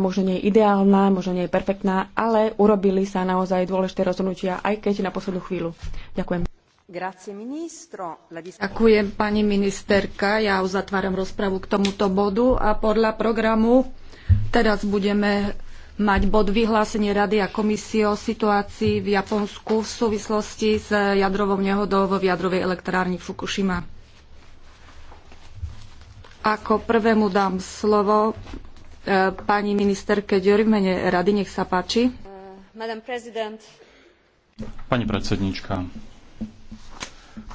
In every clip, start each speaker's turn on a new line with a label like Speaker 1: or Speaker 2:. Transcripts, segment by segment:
Speaker 1: možno nie je ideálna, možno nie je perfektná, ale urobili sa naozaj dôležité rozhodnutia, aj
Speaker 2: keď na poslednú chvíľu. Ďakujem. Ďakujem pani ministerka. Ja uzatváram rozpravu k tomuto bodu a podľa programu teraz budeme mať bod vyhlásenie Rady a komisie o situácii v Japonsku v súvislosti s jadrovou nehodou vo jadrovej elektrárni Fukushima. Ako prvému dám slovo E, pani ministerke Diori v mene rady. Nech sa páči.
Speaker 3: Pani predsednička,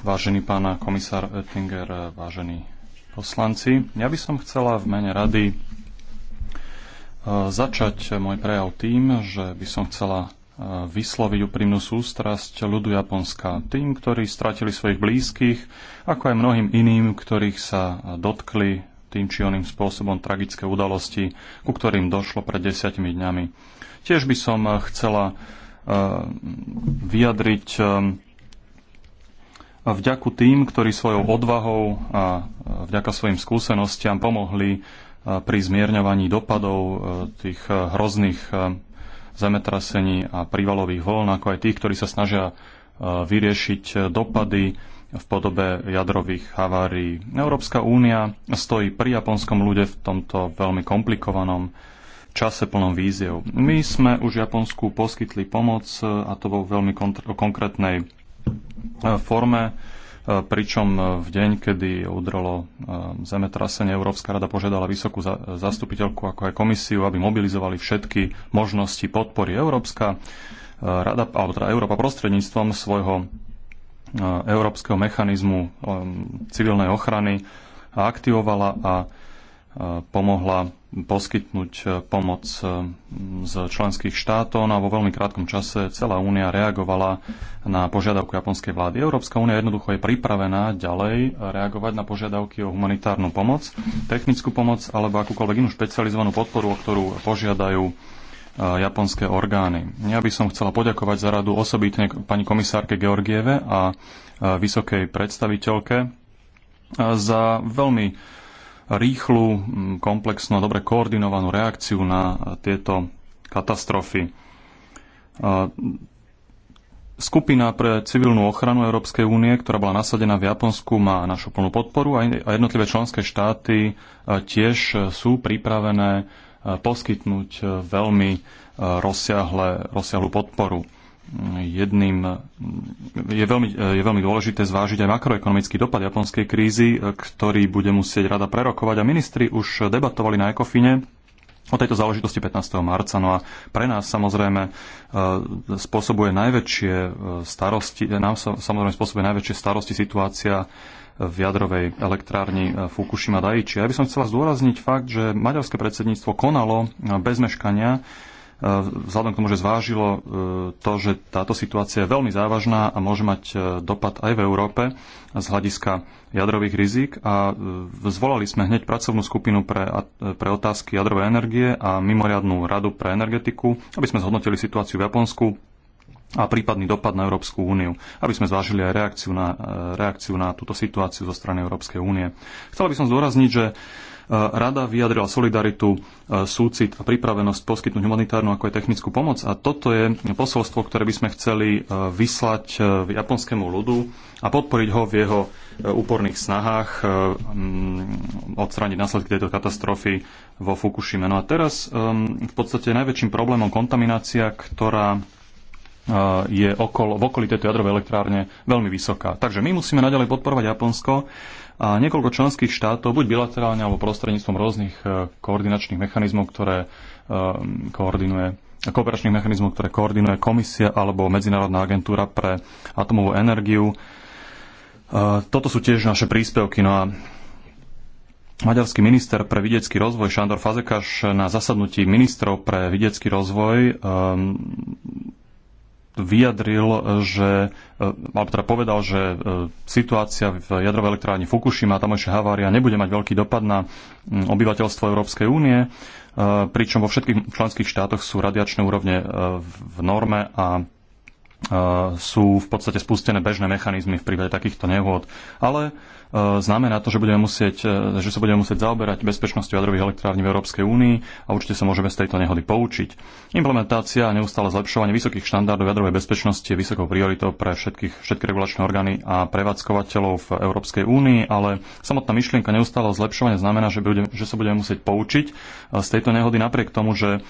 Speaker 3: vážený pána komisár Oettinger, vážení poslanci, ja by som chcela v mene rady e, začať môj prejav tým, že by som chcela e, vysloviť úprimnú sústrasť ľudu Japonska, tým, ktorí stratili svojich blízkych, ako aj mnohým iným, ktorých sa dotkli tým či oným spôsobom tragické udalosti, ku ktorým došlo pred desiatimi dňami. Tiež by som eh, chcela eh, vyjadriť eh, vďaku tým, ktorí svojou odvahou a vďaka svojim skúsenostiam pomohli pri zmierňovaní dopadov tých hrozných zemetrasení a prívalových voľn, ako aj tých, ktorí sa snažia vyriešiť dopady v podobe jadrových havárií. Európska únia stojí pri japonskom ľude v tomto veľmi komplikovanom čase plnom víziev. My sme už Japonsku poskytli pomoc a to vo veľmi konkrétnej e, forme, e, pričom v deň, kedy udrelo e, zemetrasenie, Európska rada požiadala vysokú zastupiteľku ako aj komisiu, aby mobilizovali všetky možnosti podpory Európska rada, alebo teda Európa prostredníctvom svojho Eh, európskeho mechanizmu civilnej ochrany aktivovala a eh, pomohla poskytnúť eh, pomoc z členských štátov. No a vo veľmi krátkom čase celá únia reagovala na požiadavku japonskej vlády. Európska únia jednoducho je pripravená ďalej reagovať na požiadavky o humanitárnu pomoc, technickú pomoc alebo akúkoľvek inú špecializovanú podporu, o ktorú požiadajú japonské orgány. Ja by som chcela poďakovať za radu osobitne pani komisárke Georgieve a vysokej predstaviteľke za veľmi rýchlu, komplexnú, dobre koordinovanú reakciu na tieto katastrofy. Skupina pre civilnú ochranu Európskej únie, ktorá bola nasadená v Japonsku, má našu plnú podporu a jednotlivé členské štáty tiež sú pripravené poskytnúť e, veľmi e, rozsiahle, rozsiahlu podporu. Jedným, je, veľmi, e, je veľmi dôležité zvážiť aj makroekonomický dopad japonskej krízy, ktorý bude musieť rada prerokovať. A ministri už debatovali na ECOFINE o tejto záležitosti 15. marca. No a pre nás samozrejme e, spôsobuje najväčšie e, starosti, e, nám samozrejme spôsobuje najväčšie starosti situácia v jadrovej elektrárni Fukushima Daiichi. Ja by som chcela zdôrazniť fakt, že maďarské predsedníctvo konalo bez meškania E, vzhľadom k tomu, že zvážilo e, to, že táto situácia je veľmi závažná a môže mať e, dopad aj v Európe z hľadiska jadrových rizik a zvolali sme hneď pracovnú skupinu pre, pre otázky jadrovej energie a mimoriadnú radu pre energetiku, aby sme zhodnotili situáciu v Japonsku a prípadný dopad na Európsku úniu, aby sme zvážili aj reakciu na, reakciu na túto situáciu zo strany Európskej únie. Chcela by som zdôrazniť, že Eh, rada vyjadrila solidaritu, eh, súcit a pripravenosť poskytnúť humanitárnu ako aj technickú pomoc a toto je posolstvo, ktoré by sme chceli eh, vyslať japonskému ľudu a podporiť ho v jeho úporných snahách mm, odstrániť následky tejto katastrofy vo Fukushime. No a teraz ehm, v podstate najväčším problémom kontaminácia, ktorá je okolo, v okolí tejto jadrovej elektrárne veľmi vysoká. Takže my musíme naďalej podporovať Japonsko a niekoľko členských štátov, buď bilaterálne alebo prostredníctvom rôznych e, koordinačných mechanizmov, ktoré e, koordinuje kooperačných mechanizmov, ktoré koordinuje komisia alebo Medzinárodná agentúra pre atomovú energiu. E, toto sú tiež naše príspevky. No a Maďarský minister pre vidiecký rozvoj Šandor Fazekáš na zasadnutí ministrov pre vidiecký rozvoj vyjadril, e, že, e, alebo teda povedal, že e, situácia v jadrovej elektrárni Fukushima a tamojšia havária nebude mať veľký dopad na mm, obyvateľstvo Európskej únie, pričom vo všetkých členských štátoch sú radiačné úrovne v norme a sú v podstate spustené bežné mechanizmy v prípade takýchto nehôd. Ale E, znamená to, že, budeme musieť, e, že sa budeme musieť zaoberať bezpečnosťou jadrových elektrární v Európskej únii a určite sa môžeme z tejto nehody poučiť. Implementácia a neustále zlepšovanie vysokých štandardov jadrovej bezpečnosti je vysokou prioritou pre všetkých, všetky regulačné orgány a prevádzkovateľov v Európskej únii, ale samotná myšlienka neustáleho zlepšovania znamená, že, budem, že sa budeme musieť poučiť e, z tejto nehody napriek tomu, že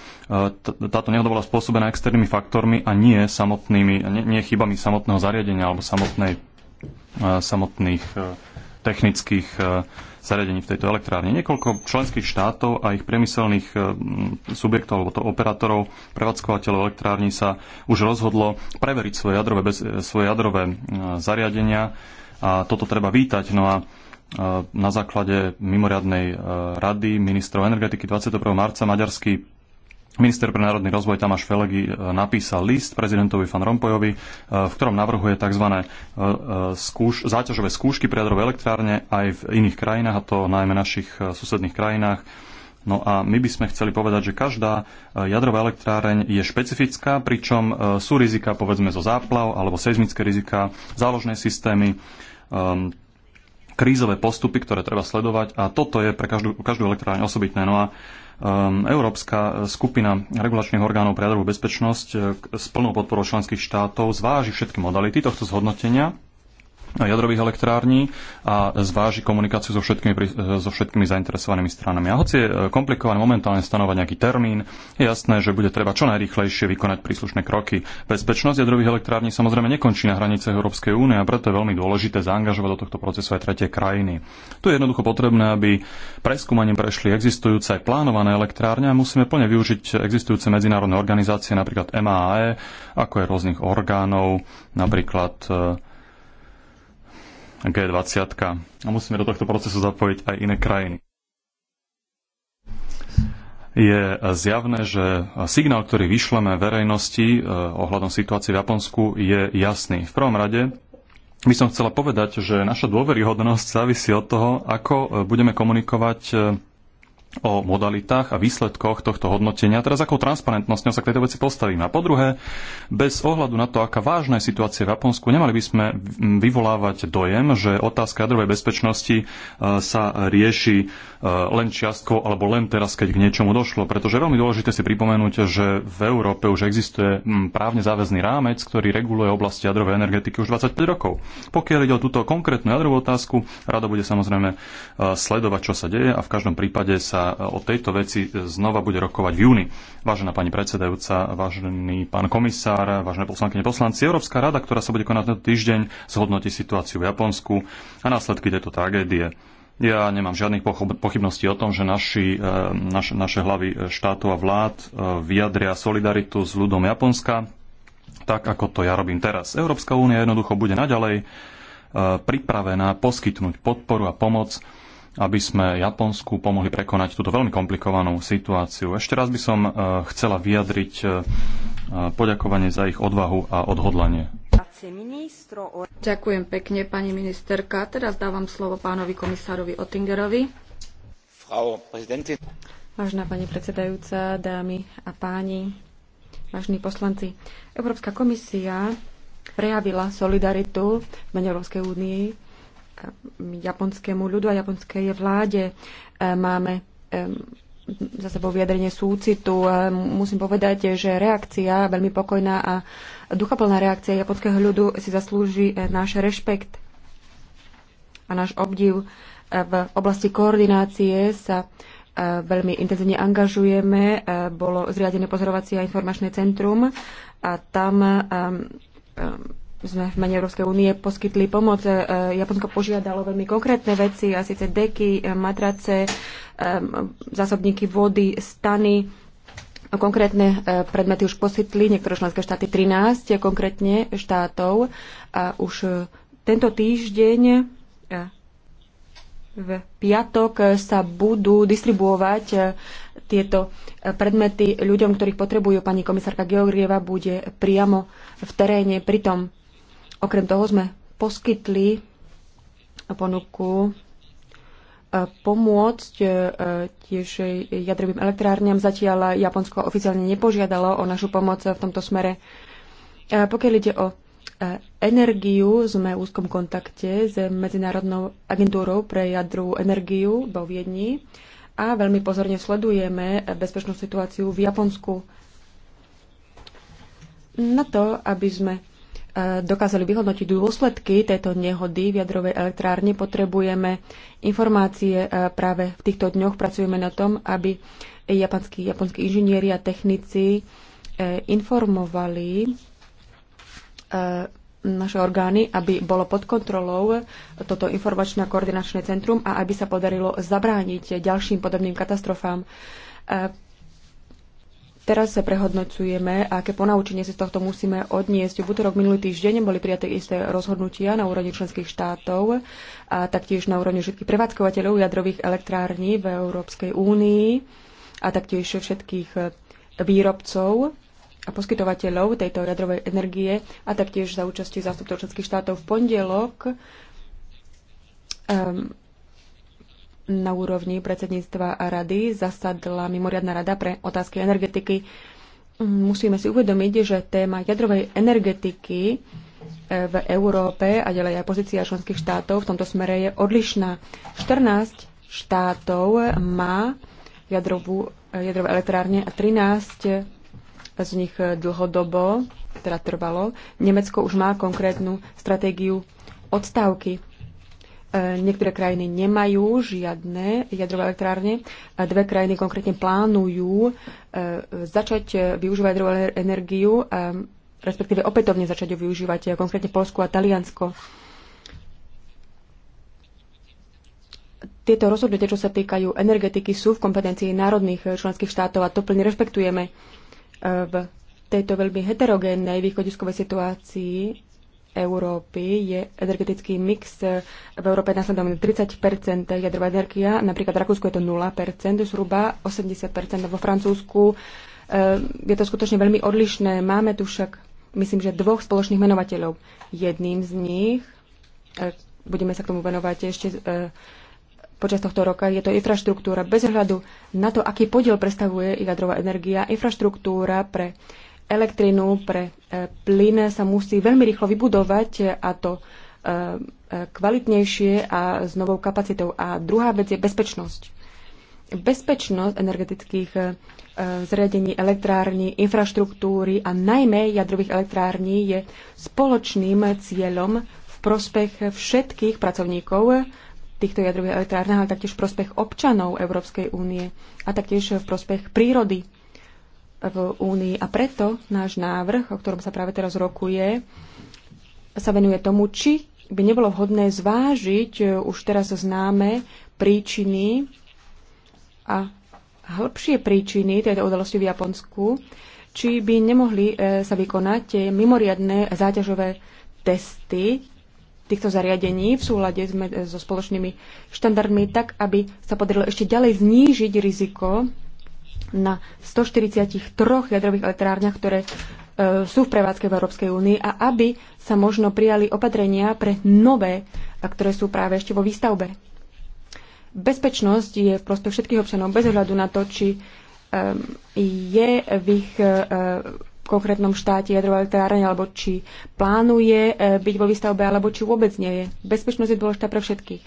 Speaker 3: táto nehoda bola spôsobená externými faktormi a nie samotnými, nie, nie chybami samotného zariadenia alebo samotnej, samotných technických e, zariadení v tejto elektrárni. Niekoľko členských štátov a ich priemyselných e, subjektov, alebo to operátorov, prevádzkovateľov elektrární sa už rozhodlo preveriť svoje jadrové, bez, e, svoje jadrové zariadenia a toto treba vítať. No a na základe mimoriadnej rady ministrov energetiky 21. marca maďarský Minister pre národný rozvoj Tamáš Felegi e, napísal list prezidentovi Van Rompojovi, e, v ktorom navrhuje tzv. E, skúš, záťažové skúšky pre jadrové elektrárne aj v iných krajinách, a to najmä našich susedných krajinách. No a my by sme chceli povedať, že každá jadrová elektráreň je špecifická, pričom sú rizika povedzme zo záplav alebo seizmické rizika, záložné systémy, ehm, krízové postupy, ktoré treba sledovať a toto je pre každú, každú elektráreň osobitné. No a Ehm, Európska skupina regulačných orgánov pre jadrovú bezpečnosť eh, s plnou podporou členských štátov zváži všetky modality tohto zhodnotenia jadrových elektrární a zváži komunikáciu so všetkými, so všetkými zainteresovanými stranami. A hoci je e, komplikované momentálne stanovať nejaký termín, je jasné, že bude treba čo najrýchlejšie vykonať príslušné kroky. Bezpečnosť jadrových elektrární samozrejme nekončí na hranice Európskej únie a preto je veľmi dôležité zaangažovať do tohto procesu aj tretie krajiny. Tu je jednoducho potrebné, aby preskúmaním prešli existujúce aj plánované elektrárne a musíme plne využiť existujúce medzinárodné organizácie, napríklad MAE, ako aj rôznych orgánov, napríklad e, G20. A musíme do tohto procesu zapojiť aj iné krajiny. Je zjavné, že signál, ktorý vyšleme verejnosti eh, ohľadom situácie v Japonsku, je jasný. V prvom rade by som chcela povedať, že naša dôveryhodnosť závisí od toho, ako eh, budeme komunikovať eh, o modalitách a výsledkoch tohto hodnotenia. Teraz akou transparentnosťou sa k tejto veci postavíme. A po druhé, bez ohľadu na to, aká vážna je situácia v Japonsku, nemali by sme vyvolávať dojem, že otázka jadrovej bezpečnosti e, sa rieši Eh, len čiastko alebo len teraz, keď k niečomu došlo. Pretože je veľmi dôležité si pripomenúť, že v Európe už existuje mm, právne záväzný rámec, ktorý reguluje oblasti jadrovej energetiky už 25 rokov. Pokiaľ ide o túto konkrétnu jadrovú otázku, rada bude samozrejme eh, sledovať, čo sa deje a v každom prípade sa eh, o tejto veci znova bude rokovať v júni. Vážená pani predsedajúca, vážený pán komisár, vážené poslankyne poslanci, Európska rada, ktorá sa bude konať na týždeň, zhodnotí situáciu v Japonsku a následky tejto tragédie. Ja nemám žiadnych pochybností o tom, že naši, eh, naš, naše hlavy eh, štátov a vlád eh, vyjadria solidaritu s ľudom Japonska, tak ako to ja robím teraz. Európska únia jednoducho bude naďalej pripravená poskytnúť podporu a pomoc, aby sme Japonsku pomohli prekonať túto veľmi komplikovanú situáciu. Ešte raz by som chcela vyjadriť poďakovanie za ich odvahu a odhodlanie.
Speaker 2: Ďakujem pekne, pani ministerka. Teraz dávam slovo pánovi komisárovi Otingerovi. Vážená pani predsedajúca, dámy
Speaker 1: a páni, vážení poslanci, Európska komisia prejavila solidaritu v mene Európskej únii japonskému ľudu a japonskej vláde. E, máme e, za sebou vyjadrenie súcitu. Musím povedať, že reakcia, veľmi pokojná a duchoplná reakcia japonského ľudu si zaslúži náš rešpekt a náš obdiv. V oblasti koordinácie sa e, veľmi intenzívne angažujeme. E, bolo zriadené pozorovacie a informačné centrum a tam e, sme v mene Európskej únie poskytli pomoc. E, Japonsko požiadalo veľmi konkrétne veci, a síce deky, e, matrace, e, zásobníky vody, stany. No, konkrétne predmety už poskytli niektoré členské štáty, 13 konkrétne štátov. A už tento týždeň v piatok sa budú distribuovať tieto predmety ľuďom, ktorých potrebujú. Pani komisárka Georgieva bude priamo v teréne pri tom Okrem toho sme poskytli ponuku e, pomôcť e, tiež jadrovým elektrárňam. Zatiaľ Japonsko oficiálne nepožiadalo o našu pomoc v tomto smere. E, pokiaľ ide o energiu, sme v úzkom kontakte s Medzinárodnou agentúrou pre jadrovú energiu vo Viedni a veľmi pozorne sledujeme bezpečnú situáciu v Japonsku. Na to, aby sme E, dokázali vyhodnotiť dôsledky tejto nehody v jadrovej elektrárni, potrebujeme informácie e, práve v týchto dňoch. Pracujeme na tom, aby japonskí, japonskí inžinieri a technici e, informovali naše orgány, aby bolo pod kontrolou toto informačné a koordinačné centrum a aby sa podarilo zabrániť ďalším podobným katastrofám. Teraz sa prehodnocujeme, aké ponaučenie si z tohto musíme odniesť. V útorok minulý týždeň boli prijaté isté rozhodnutia na úrovni členských štátov a taktiež na úrovni všetkých prevádzkovateľov jadrových elektrární v Európskej únii a taktiež všetkých výrobcov a poskytovateľov tejto jadrovej energie a taktiež za účasti zástupcov členských štátov v pondelok um, na úrovni predsedníctva a rady zasadla mimoriadná rada pre otázky energetiky. Musíme si uvedomiť, že téma jadrovej energetiky e, v Európe a ďalej aj pozícia členských štátov v tomto smere je odlišná. 14 štátov má jadrovú, e, jadrové elektrárne a 13 z nich dlhodobo, teda trvalo. Nemecko už má konkrétnu stratégiu odstávky E, niektoré krajiny nemajú žiadne jadrové elektrárne. A dve krajiny konkrétne plánujú e, začať využívať jadrovú energiu, e, respektíve opätovne začať ju využívať, konkrétne Polsko a Taliansko. Tieto rozhodnutia, čo sa týkajú energetiky, sú v kompetencii národných členských štátov a to plne rešpektujeme v tejto veľmi heterogénnej východiskovej situácii Európy je energetický mix v Európe nasledovný 30 jadrová energia, napríklad v Rakúsku je to 0 zhruba 80 vo Francúzsku. E, je to skutočne veľmi odlišné. Máme tu však, myslím, že dvoch spoločných menovateľov. Jedným z nich, e, budeme sa k tomu venovať ešte e, počas tohto roka, je to infraštruktúra. Bez ohľadu na to, aký podiel predstavuje jadrová energia, infraštruktúra pre elektrinu, pre e, plyn sa musí veľmi rýchlo vybudovať a to e, e, kvalitnejšie a s novou kapacitou. A druhá vec je bezpečnosť. Bezpečnosť energetických zriadení elektrární, infraštruktúry a najmä jadrových elektrární je spoločným cieľom v prospech všetkých pracovníkov týchto jadrových elektrárnach, ale taktiež v prospech občanov Európskej únie a taktiež v prospech prírody v Únii. A preto náš návrh, o ktorom sa práve teraz rokuje, sa venuje tomu, či by nebolo vhodné zvážiť e, už teraz známe príčiny a hĺbšie príčiny tejto udalosti v Japonsku, či by nemohli e, sa vykonať mimoriadne záťažové testy týchto zariadení v súlade so spoločnými štandardmi, tak aby sa podarilo ešte ďalej znížiť riziko na 143 jadrových elektrárniach, ktoré e, sú v prevádzke v Európskej únii a aby sa možno prijali opatrenia pre nové, ktoré sú práve ešte vo výstavbe. Bezpečnosť je v prospech všetkých občanov bez ohľadu na to, či e, je v ich e, konkrétnom štáte jadrová elektrárne, alebo či plánuje byť vo výstavbe, alebo či vôbec nie je. Bezpečnosť je dôležitá pre všetkých.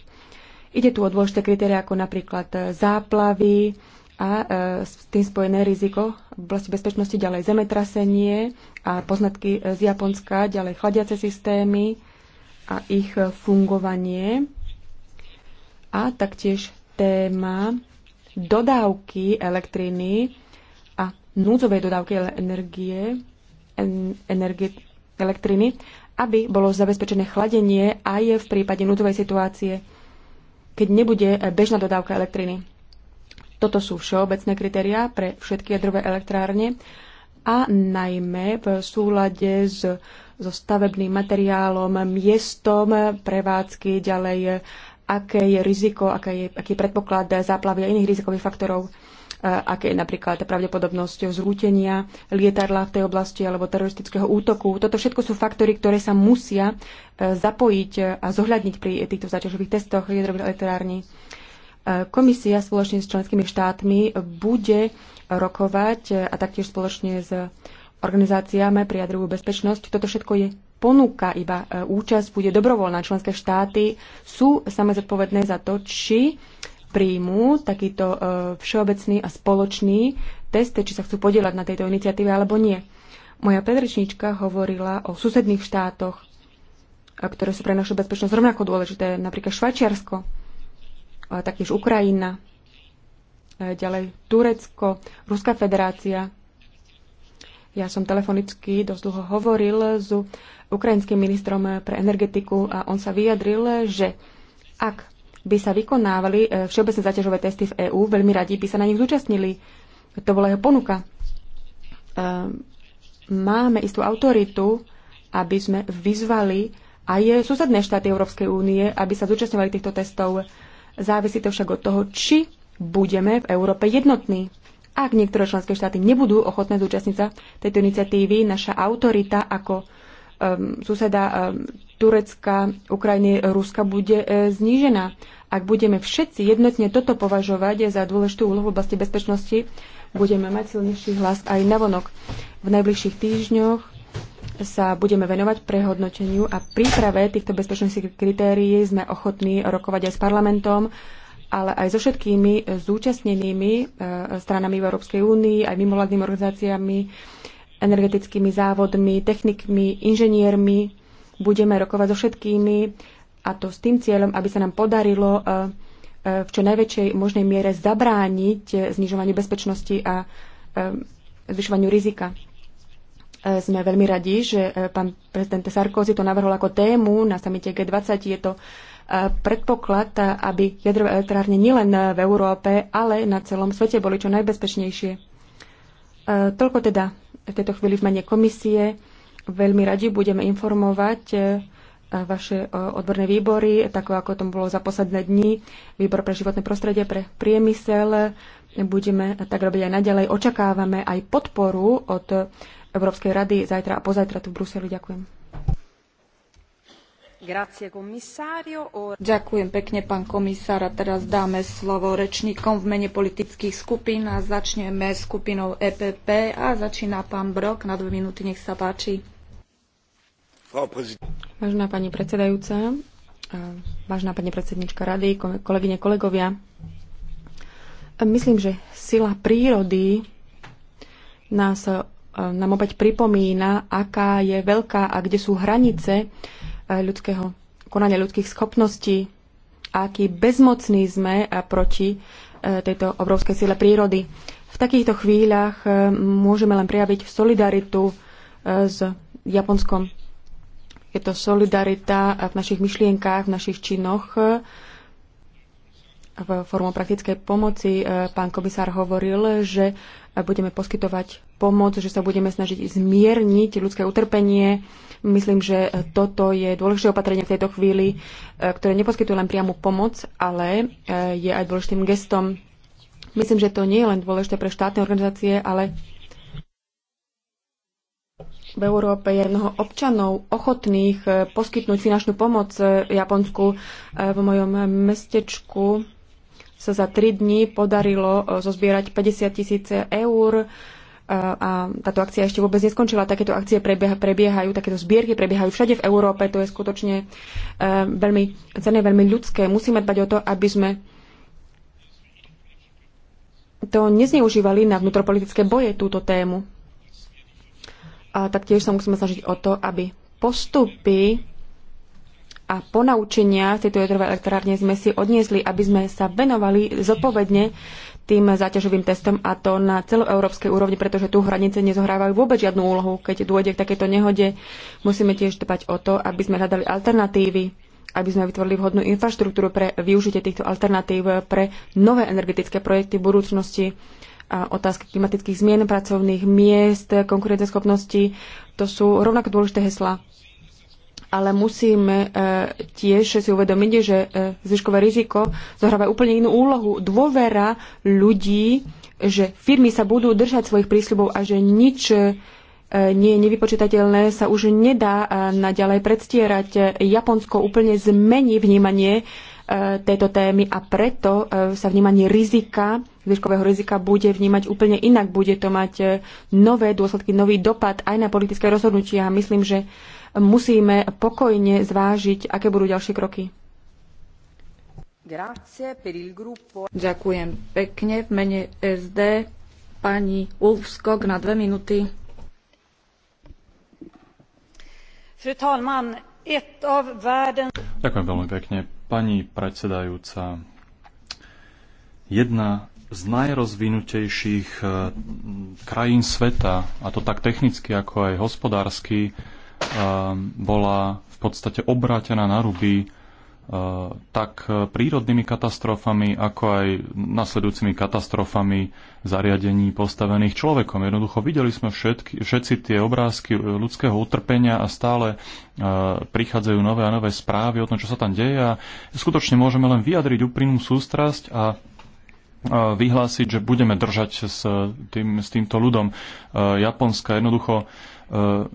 Speaker 1: Ide tu o dôležité kritéria ako napríklad záplavy, a e, s tým spojené riziko v oblasti bezpečnosti, ďalej zemetrasenie a poznatky e, z Japonska, ďalej chladiace systémy a ich fungovanie a taktiež téma dodávky elektriny a núdzovej dodávky energie, energie elektriny, aby bolo zabezpečené chladenie aj v prípade núdzovej situácie, keď nebude bežná dodávka elektriny. Toto sú všeobecné kritériá pre všetky jadrové elektrárne a najmä v súlade s, so stavebným materiálom, miestom prevádzky, ďalej aké je riziko, aké je, aký je predpoklad záplavy a iných rizikových faktorov, aké je napríklad pravdepodobnosť zrútenia lietadla v tej oblasti alebo teroristického útoku. Toto všetko sú faktory, ktoré sa musia e, zapojiť a zohľadniť pri týchto záťažových testoch jadrových elektrární. Komisia spoločne s členskými štátmi bude rokovať a taktiež spoločne s organizáciami pri jadrovú bezpečnosť. Toto všetko je ponuka, iba e, účasť bude dobrovoľná. Členské štáty sú same zodpovedné za to, či príjmu takýto e, všeobecný a spoločný test, či sa chcú podielať na tejto iniciatíve alebo nie. Moja predrečníčka hovorila o susedných štátoch, e, ktoré sú pre našu bezpečnosť rovnako dôležité, napríklad Švajčiarsko taktiež Ukrajina, e, ďalej Turecko, Ruská federácia. Ja som telefonicky dosť dlho hovoril s ukrajinským ministrom pre energetiku a on sa vyjadril, že ak by sa vykonávali e, všeobecné zaťažové testy v EÚ, veľmi radi by sa na nich zúčastnili. To bola jeho ponuka. E, máme istú autoritu, aby sme vyzvali aj susedné štáty Európskej únie, aby sa zúčastňovali týchto testov. Závisí to však od toho, či budeme v Európe jednotní. Ak niektoré členské štáty nebudú ochotné zúčastniť sa tejto iniciatívy, naša autorita ako um, suseda um, Turecka, Ukrajiny, Ruska bude e, znížená. Ak budeme všetci jednotne toto považovať za dôležitú úlohu v oblasti bezpečnosti, budeme mať silnejší hlas aj navonok. V najbližších týždňoch sa budeme venovať prehodnoteniu a príprave týchto bezpečnostných kritérií sme ochotní rokovať aj s parlamentom, ale aj so všetkými zúčastnenými e, stranami v Európskej únii, aj mimovládnymi organizáciami, energetickými závodmi, technikmi, inžiniermi. Budeme rokovať so všetkými a to s tým cieľom, aby sa nám podarilo e, e, v čo najväčšej možnej miere zabrániť znižovaniu bezpečnosti a zvyšovaniu rizika. E, sme veľmi radi, že e, pán prezident Sarkozy to navrhol ako tému na samite G20. Je to e, predpoklad, aby jadrové elektrárne nielen v Európe, ale na celom svete boli čo najbezpečnejšie. Toľko teda v tejto chvíli v mene komisie. Veľmi radi budeme informovať vaše odborné výbory, tak ako tom bolo za posledné dni, výbor pre životné prostredie, pre priemysel. Budeme tak robiť aj naďalej. Očakávame aj podporu od Európskej rady zajtra a pozajtra tu v Bruseli. Ďakujem.
Speaker 2: Ďakujem pekne, pán komisár. A teraz dáme slovo rečníkom v mene politických skupín a začneme skupinou EPP a začína pán Brok. Na dve minúty, nech sa páči.
Speaker 1: Vážená pani predsedajúca, vážená pani predsednička rady, kolegyne, kolegovia. Myslím, že sila prírody nás E, nám opäť pripomína, aká je veľká a kde sú hranice e, ľudského konania ľudských schopností a aký bezmocní sme e, proti tejto obrovskej sile prírody. V takýchto chvíľach môžeme len prejaviť solidaritu s Japonskom. Je to solidarita v našich myšlienkách, v našich činoch v formu praktickej pomoci. E, pán komisár hovoril, že budeme poskytovať pomoc, že sa budeme snažiť zmierniť ľudské utrpenie. Myslím, že toto je dôležité opatrenie v tejto chvíli, e, ktoré neposkytuje len priamu pomoc, ale e, je aj dôležitým gestom. Myslím, že to nie je len dôležité pre štátne organizácie, ale v Európe je mnoho občanov ochotných poskytnúť finančnú pomoc Japonsku. V mojom mestečku sa za 3 dní podarilo e, zozbierať 50 tisíc eur e, a táto akcia ešte vôbec neskončila. Takéto akcie prebieha, prebiehajú, takéto zbierky prebiehajú všade v Európe. To je skutočne e, veľmi cené, veľmi ľudské. Musíme dbať o to, aby sme to nezneužívali na vnútropolitické boje túto tému. A taktiež sa musíme snažiť o to, aby postupy a ponaučenia z tejto jadrovej elektrárne sme si odniesli, aby sme sa venovali zodpovedne tým záťažovým testom a to na celoeurópskej úrovni, pretože tu hranice nezohrávajú vôbec žiadnu úlohu. Keď dôjde k takéto nehode, musíme tiež dbať o to, aby sme hľadali alternatívy, aby sme vytvorili vhodnú infraštruktúru pre využitie týchto alternatív pre nové energetické projekty v budúcnosti a otázky klimatických zmien, pracovných miest, konkurenceschopnosti. To sú rovnako dôležité heslá ale musíme e, tiež si uvedomiť, že e, zvyškové riziko zohráva úplne inú úlohu. Dôvera ľudí, že firmy sa budú držať svojich prísľubov a že nič e, nie je nevypočítateľné, sa už nedá naďalej predstierať. Japonsko úplne zmení vnímanie E, tejto témy a preto e, sa vnímanie rizika, zvyškového rizika bude vnímať úplne inak. Bude to mať e, nové dôsledky, nový dopad aj na politické rozhodnutia. Myslím, že musíme pokojne
Speaker 2: zvážiť, aké budú ďalšie kroky. Ďakujem pekne. V mene SD pani Ulfskog na dve minúty.
Speaker 3: Ďakujem veľmi pekne Pani predsedajúca, jedna z najrozvinutejších eh, krajín sveta, a to tak technicky ako aj hospodársky, eh, bola v podstate obrátená na ruby Eh, tak eh, prírodnými katastrofami, ako aj nasledujúcimi katastrofami zariadení postavených človekom. Jednoducho videli sme všetky, všetci tie obrázky eh, ľudského utrpenia a stále prichádzajú nové a nové správy o tom, čo sa tam deje a skutočne môžeme len vyjadriť úprimnú sústrasť a vyhlásiť, že budeme držať s, tým, s týmto ľudom Japonska. Jednoducho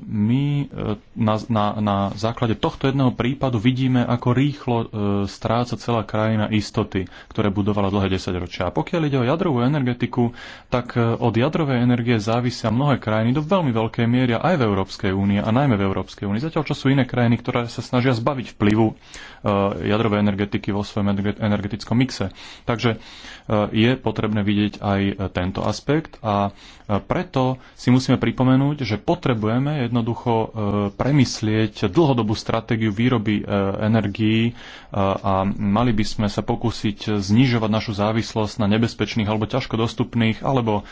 Speaker 3: my e, na, na, na základe tohto jedného prípadu vidíme, ako rýchlo e, stráca celá krajina istoty, ktoré budovala dlhé desaťročia. A pokiaľ ide o jadrovú energetiku, tak e, od jadrovej energie závisia mnohé krajiny do veľmi veľkej miery aj v Európskej únie a najmä v Európskej únii. Zatiaľ, čo sú iné krajiny, ktoré sa snažia zbaviť vplyvu E, jadrovej energetiky vo svojom energetickom mixe. Takže e, je potrebné vidieť aj tento aspekt a e, preto si musíme pripomenúť, že potrebujeme jednoducho premyslieť dlhodobú stratégiu výroby energií a mali by sme sa pokúsiť znižovať našu závislosť na nebezpečných alebo ťažko dostupných alebo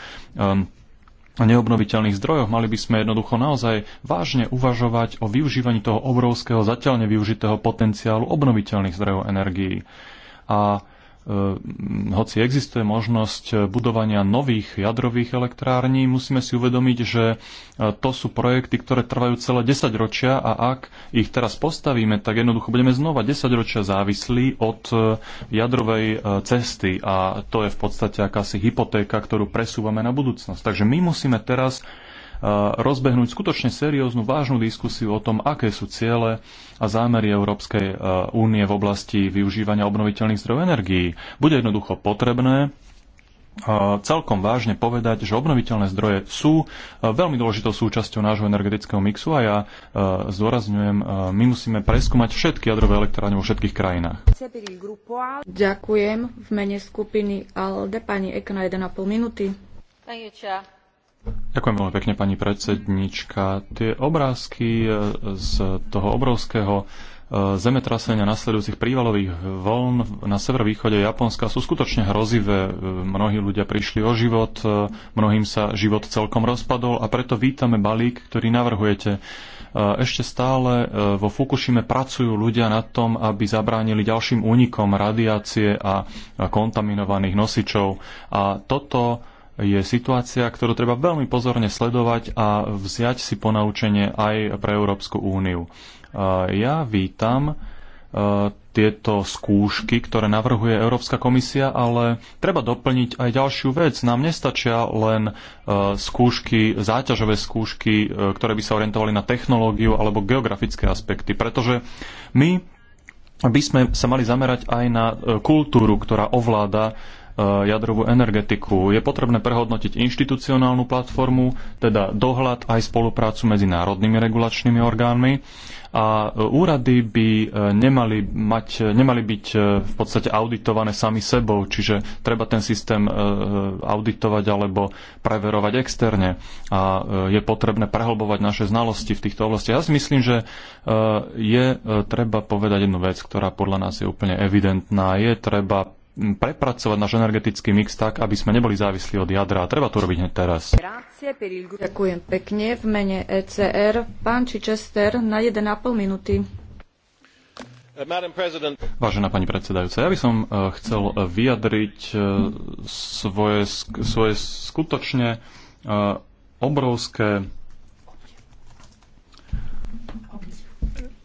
Speaker 3: neobnoviteľných zdrojoch, mali by sme jednoducho naozaj vážne uvažovať o využívaní toho obrovského, zatiaľ nevyužitého potenciálu obnoviteľných zdrojov energií. A Ehm, hoci existuje možnosť eh, budovania nových jadrových elektrární, musíme si uvedomiť, že eh, to sú projekty, ktoré trvajú celé 10 ročia a ak ich teraz postavíme, tak jednoducho budeme znova 10 ročia závislí od eh, jadrovej cesty a to je v podstate akási hypotéka, ktorú presúvame na budúcnosť. Takže my musíme teraz rozbehnúť skutočne serióznu, vážnu diskusiu o tom, aké sú ciele a zámery Európskej únie v oblasti využívania obnoviteľných zdrojov energií. Bude jednoducho potrebné celkom vážne povedať, že obnoviteľné zdroje sú veľmi dôležitou súčasťou nášho energetického mixu a ja zdôrazňujem, my musíme preskúmať všetky jadrové elektrárne vo všetkých krajinách.
Speaker 2: Ďakujem v mene skupiny ALDE pani Ekna 1,5 minúty. Thank you,
Speaker 3: Ďakujem veľmi pekne, pani predsednička. Tie obrázky e, z toho obrovského e, zemetrasenia nasledujúcich prívalových vln na severovýchode Japonska sú skutočne hrozivé. E, mnohí ľudia prišli o život, mnohým sa život celkom rozpadol a preto vítame balík, ktorý navrhujete. Ešte stále vo Fukushime pracujú ľudia na tom, aby zabránili ďalším únikom radiácie a kontaminovaných nosičov. A toto je situácia, ktorú treba veľmi pozorne sledovať a vziať si ponaučenie aj pre Európsku úniu. Ja vítam e, tieto skúšky, ktoré navrhuje Európska komisia, ale treba doplniť aj ďalšiu vec. Nám nestačia len e, skúšky, záťažové skúšky, e, ktoré by sa orientovali na technológiu alebo geografické aspekty, pretože my by sme sa mali zamerať aj na kultúru, ktorá ovláda Eh, jadrovú energetiku. Je potrebné prehodnotiť inštitucionálnu platformu, teda dohľad aj spoluprácu medzi národnými regulačnými orgánmi a eh, úrady by eh, nemali, mať, nemali byť v podstate auditované sami sebou, čiže treba ten systém auditovať alebo preverovať externe a je potrebné prehlbovať naše znalosti v týchto oblastiach. Ja si myslím, že je treba povedať jednu vec, ktorá podľa nás je úplne evidentná. Je treba prepracovať náš energetický mix tak, aby sme neboli závislí od jadra. A treba to robiť hneď teraz. Ďakujem
Speaker 2: pekne. V mene ECR pán Čičester na 1,5 minúty.
Speaker 3: Uh, Vážená pani predsedajúca, ja by som uh, chcel vyjadriť uh, svoje, svoje skutočne obrovské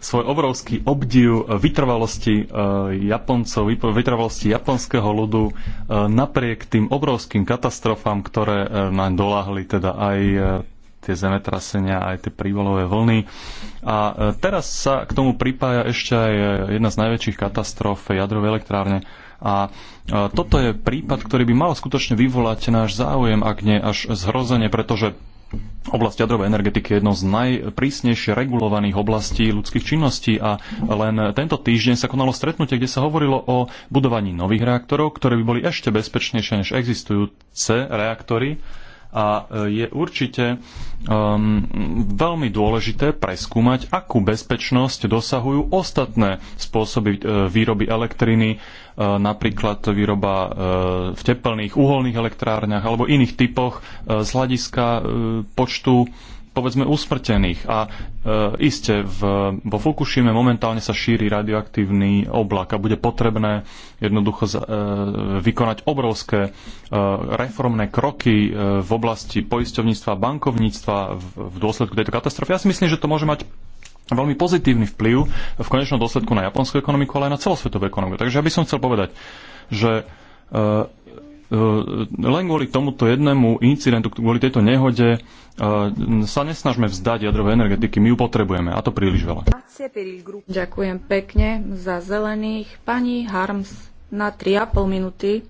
Speaker 3: svoj obrovský obdiv eh, vytrvalosti eh, Japoncov, vytrvalosti japonského ľudu eh, napriek tým obrovským katastrofám, ktoré nám doláhli teda aj tie zemetrasenia, aj tie prívalové vlny. A teraz sa k tomu pripája ešte aj jedna z najväčších katastrof jadrovej elektrárne. A toto je prípad, ktorý by mal skutočne vyvolať náš záujem, ak nie až zhrozenie, pretože Oblasť jadrovej energetiky je jednou z najprísnejšie regulovaných oblastí ľudských činností a len tento týždeň sa konalo stretnutie, kde sa hovorilo o budovaní nových reaktorov, ktoré by boli ešte bezpečnejšie než existujúce reaktory a e, je určite um, veľmi dôležité preskúmať, akú bezpečnosť dosahujú ostatné spôsoby e, výroby elektriny E, napríklad výroba e, v tepelných uholných elektrárniach alebo iných typoch e, z hľadiska počtu povedzme usmrtených. A e, iste v, vo Fukushime momentálne sa šíri radioaktívny oblak a bude potrebné jednoducho z, e, vykonať obrovské e, reformné kroky e, v oblasti poisťovníctva bankovníctva v, v dôsledku tejto katastrofy. Ja si myslím, že to môže mať veľmi pozitívny vplyv v konečnom dôsledku na japonskú ekonomiku, ale aj na celosvetovú ekonomiku. Takže ja by som chcel povedať, že e, e, len kvôli tomuto jednému incidentu, kvôli tejto nehode e, sa nesnažme vzdať jadrovej energetiky. My ju potrebujeme a to príliš veľa.
Speaker 2: Ďakujem pekne za zelených. Pani Harms na 3,5 minúty.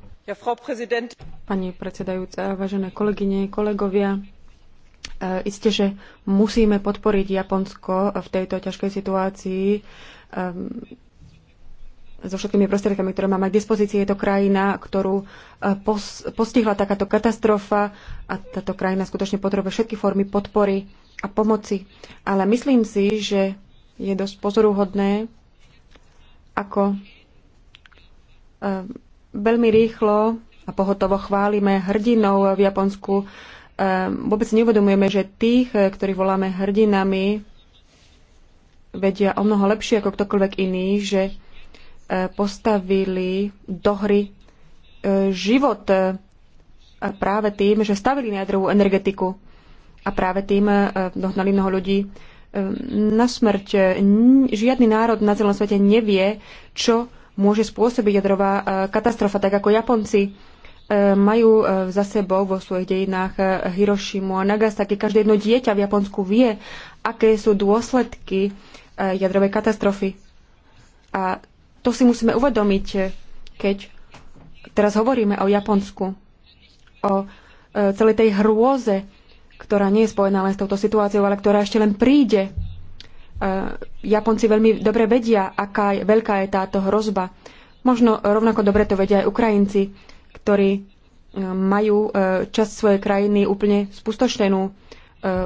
Speaker 2: Pani predsedajúca, vážené kolegyne, kolegovia,
Speaker 1: Eh, isté, že musíme podporiť Japonsko v tejto ťažkej situácii ehm, so všetkými prostriedkami, ktoré máme k dispozícii. Je to krajina, ktorú eh, postihla takáto katastrofa a táto krajina skutočne potrebuje všetky formy podpory a pomoci. Ale myslím si, že je dosť pozoruhodné, ako ehm, veľmi rýchlo a pohotovo chválime hrdinou v Japonsku, Ehm, vôbec neuvedomujeme, že tých, eh, ktorých voláme hrdinami, vedia o mnoho lepšie ako ktokoľvek iný, že eh, postavili do hry eh, život práve tým, že stavili jadrovú energetiku a práve tým dohnali mnoho ľudí ehm, na smrť. Žiadny národ na celom svete nevie, čo môže spôsobiť jadrová katastrofa, tak ako Japonci E, majú e, za sebou vo svojich dejinách e, Hirošimu a Nagasaki. Každé jedno dieťa v Japonsku vie, aké sú dôsledky jadrovej katastrofy. A to si musíme uvedomiť, keď teraz hovoríme o Japonsku, o celej tej hrôze, ktorá nie je spojená len s touto situáciou, ale ktorá ešte len príde. Japonci veľmi dobre vedia, aká je, veľká je táto hrozba. Možno rovnako dobre to vedia aj Ukrajinci ktorí e, majú e, časť svojej krajiny úplne spustošenú e,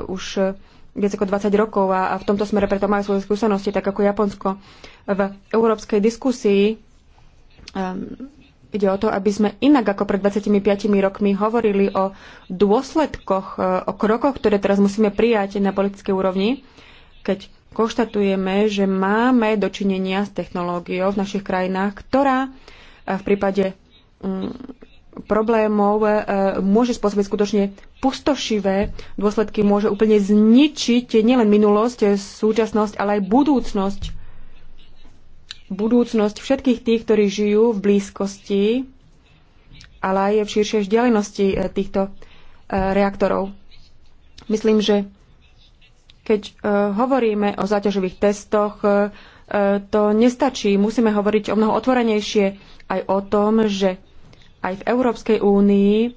Speaker 1: už viac ako 20 rokov a v tomto smere preto majú svoje skúsenosti, tak ako Japonsko. V európskej diskusii ide o to, aby sme inak ako pred 25 rokmi hovorili o dôsledkoch, o krokoch, ktoré teraz musíme prijať na politickej úrovni, keď konštatujeme, že máme dočinenia s technológiou v našich krajinách, ktorá v prípade Mm, problémov e, môže spôsobiť skutočne pustošivé dôsledky, môže úplne zničiť nielen minulosť, e, súčasnosť, ale aj budúcnosť. Budúcnosť všetkých tých, ktorí žijú v blízkosti, ale aj v širšej vzdialenosti e, týchto reaktorov. Myslím, že keď hovoríme o záťažových testoch, to nestačí. Musíme hovoriť o mnoho otvorenejšie aj o tom, že aj v Európskej únii e,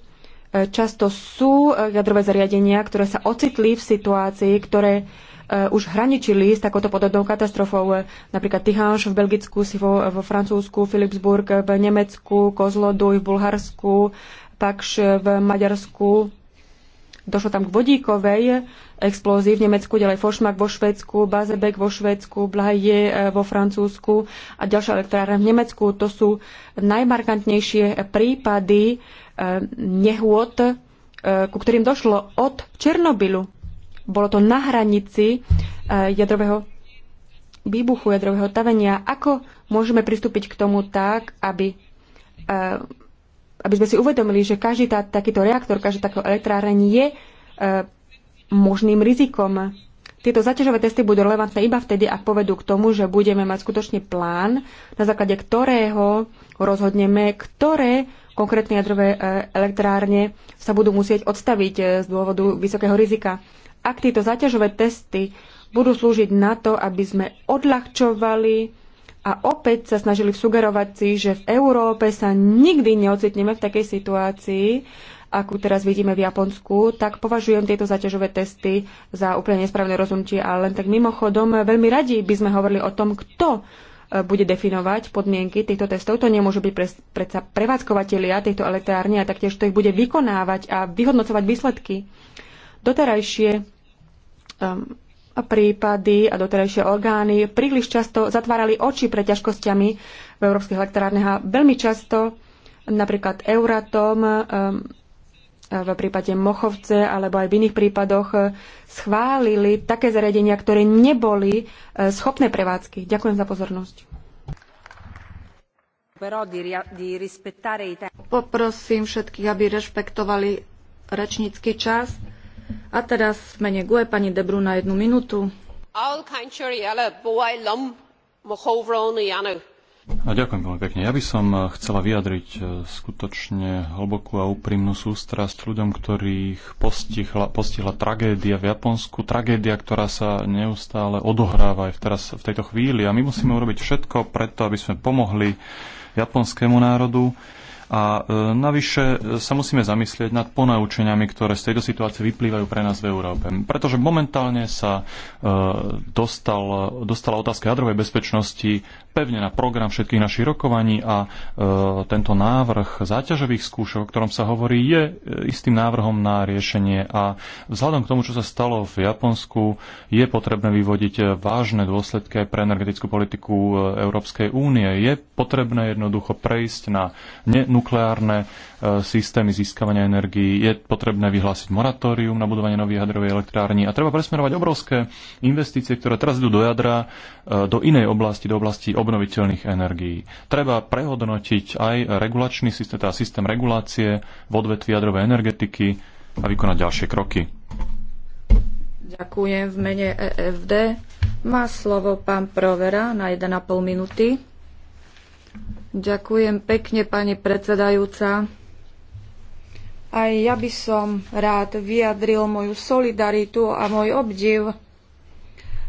Speaker 1: často sú e, jadrové zariadenia, ktoré sa ocitli v situácii, ktoré e, už hraničili s takouto podobnou katastrofou. Napríklad Tihanš v Belgicku, si vo, vo Francúzsku, Philipsburg v Nemecku, Kozloduj v Bulharsku, Pakš v Maďarsku Došlo tam k vodíkovej explózii v Nemecku, ďalej Fošmak vo Švedsku, Bazebek vo Švedsku, Blahie eh, vo Francúzsku a ďalšia elektrárna v Nemecku. To sú najmarkantnejšie prípady eh, nehôd, eh, ku ktorým došlo od Černobylu. Bolo to na hranici jadrového výbuchu, jadrového tavenia. Ako môžeme pristúpiť k tomu tak, aby aby sme si uvedomili, že každý tá, takýto reaktor, každý taký elektráreň je e, možným rizikom. Tieto zaťažové testy budú relevantné iba vtedy, ak povedú k tomu, že budeme mať skutočne plán, na základe ktorého rozhodneme, ktoré konkrétne jadrové e, elektrárne sa budú musieť odstaviť e, z dôvodu vysokého rizika. Ak tieto zaťažové testy budú slúžiť na to, aby sme odľahčovali a opäť sa snažili sugerovať si, že v Európe sa nikdy neocitneme v takej situácii, akú teraz vidíme v Japonsku, tak považujem tieto zaťažové testy za úplne nesprávne rozhodnutie. A len tak mimochodom, veľmi radi by sme hovorili o tom, kto e, bude definovať podmienky týchto testov. To nemôžu byť predsa prevádzkovateľia tejto elektrárne a taktiež to ich bude vykonávať a vyhodnocovať výsledky. Doterajšie um, prípady a doterajšie orgány príliš často zatvárali oči pred ťažkosťami v európskych elektrárnech a veľmi často napríklad Euratom ehm, v prípade Mochovce alebo aj v iných prípadoch eh, schválili také zariadenia, ktoré neboli eh, schopné prevádzky. Ďakujem za
Speaker 2: pozornosť. Poprosím všetkých, aby rešpektovali rečnícky čas. A teraz v mene GUE pani Debru na jednu minútu.
Speaker 3: A ďakujem veľmi pekne. Ja by som eh, chcela vyjadriť eh, skutočne hlbokú a úprimnú sústrasť ľuďom, ktorých postihla, postihla tragédia v Japonsku, tragédia, ktorá sa neustále odohráva aj v, teraz, v tejto chvíli. A my musíme urobiť všetko preto, aby sme pomohli japonskému národu, a e, navyše e, sa musíme zamyslieť nad ponaučeniami, ktoré z tejto situácie vyplývajú pre nás v Európe. Pretože momentálne sa e, dostal, dostala otázka jadrovej bezpečnosti pevne na program všetkých našich rokovaní a e, tento návrh záťažových skúšok, o ktorom sa hovorí, je istým návrhom na riešenie a vzhľadom k tomu, čo sa stalo v Japonsku, je potrebné vyvodiť vážne dôsledky pre energetickú politiku Európskej únie. Je potrebné jednoducho prejsť na ne, nukleárne e, systémy získavania energií. Je potrebné vyhlásiť moratórium na budovanie nových jadrovej elektrární a treba presmerovať obrovské investície, ktoré teraz idú do jadra, e, do inej oblasti, do oblasti obnoviteľných energií. Treba prehodnotiť aj regulačný systém, teda systém regulácie v odvetvi jadrovej energetiky a vykonať ďalšie kroky.
Speaker 2: Ďakujem v mene EFD. Má slovo pán Provera na 1,5 minúty. Ďakujem pekne, pani predsedajúca. Aj ja by som rád vyjadril moju solidaritu a môj obdiv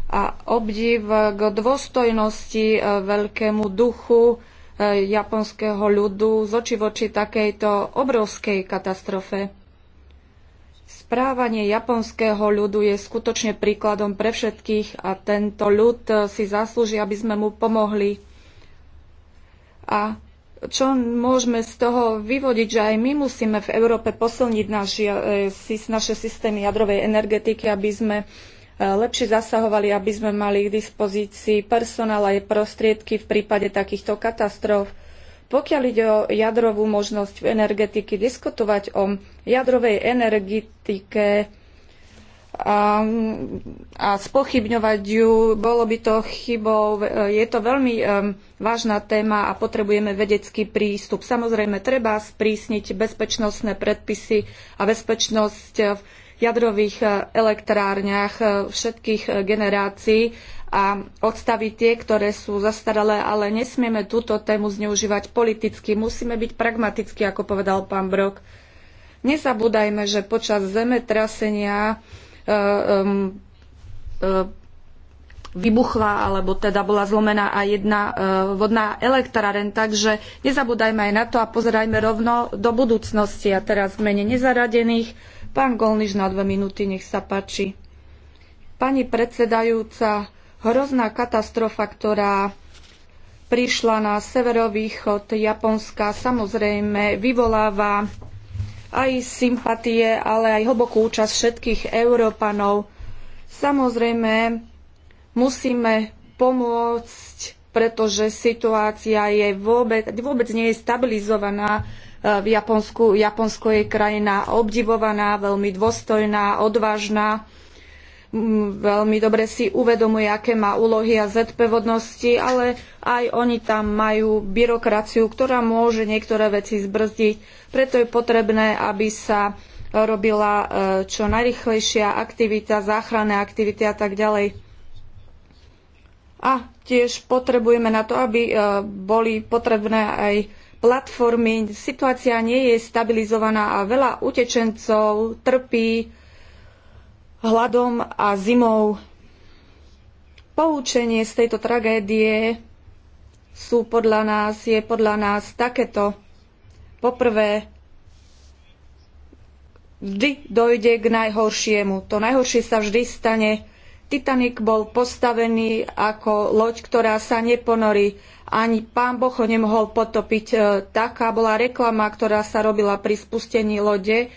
Speaker 2: a obdiv k dôstojnosti, e, veľkému duchu e, japonského ľudu z oči voči takejto obrovskej katastrofe. Správanie japonského ľudu je skutočne príkladom pre všetkých a tento ľud e, si zaslúži, aby sme mu pomohli a čo môžeme z toho vyvodiť, že aj my musíme v Európe posilniť naši, e, naše systémy jadrovej energetiky, aby sme e, lepšie zasahovali, aby sme mali k dispozícii personál aj prostriedky v prípade takýchto katastrof. Pokiaľ ide o jadrovú možnosť v energetiky, diskutovať o jadrovej energetike a, a spochybňovať ju, bolo by to chybou. Je to veľmi um, vážna téma a potrebujeme vedecký prístup. Samozrejme, treba sprísniť bezpečnostné predpisy a bezpečnosť v jadrových e, elektrárniach e, všetkých e, generácií a odstaviť tie, ktoré sú zastaralé, ale nesmieme túto tému zneužívať politicky. Musíme byť pragmatickí, ako povedal pán Brok. Nezabúdajme, že počas zemetrasenia E, e, vybuchla alebo teda bola zlomená aj jedna e, vodná elektráren. Takže nezabúdajme aj na to a pozerajme rovno do budúcnosti. A teraz v mene nezaradených, pán Golniš na dve minúty, nech sa páči. Pani predsedajúca, hrozná katastrofa, ktorá prišla na severovýchod Japonska, samozrejme vyvoláva aj sympatie, ale aj hlbokú účasť všetkých Európanov. Samozrejme, musíme pomôcť, pretože situácia je vôbec, vôbec nie je stabilizovaná e, v Japonsku. Japonsko je krajina obdivovaná, veľmi dôstojná, odvážna veľmi dobre si uvedomuje, aké má úlohy a ZP vodnosti, ale aj oni tam majú byrokraciu, ktorá môže niektoré veci zbrzdiť. Preto je potrebné, aby sa robila e, čo najrychlejšia aktivita, záchranné aktivity a tak ďalej. A tiež potrebujeme na to, aby e, boli potrebné aj platformy. Situácia nie je stabilizovaná a veľa utečencov trpí hladom a zimou. Poučenie z tejto tragédie sú podľa nás, je podľa nás takéto. Poprvé, vždy dojde k najhoršiemu. To najhoršie sa vždy stane. Titanic bol postavený ako loď, ktorá sa neponorí. Ani pán Boh ho nemohol potopiť. E, taká bola reklama, ktorá sa robila pri spustení lode.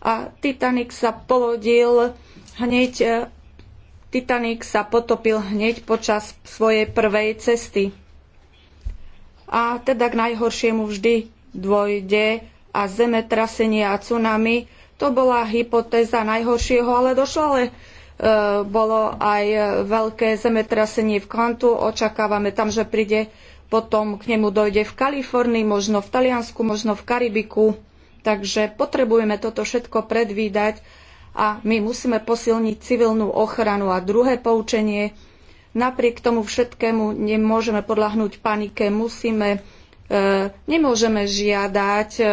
Speaker 2: A Titanic sa polodil hneď e, Titanic sa potopil hneď počas svojej prvej cesty. A teda k najhoršiemu vždy dôjde a zemetrasenie a tsunami. To bola hypotéza najhoršieho, ale došlo ale e, bolo aj e, veľké zemetrasenie v Kantu. Očakávame tam, že príde potom k nemu dojde v Kalifornii, možno v Taliansku, možno v Karibiku. Takže potrebujeme toto všetko predvídať a my musíme posilniť civilnú ochranu. A druhé poučenie, napriek tomu všetkému nemôžeme podľahnúť panike, musíme, e, nemôžeme žiadať, e,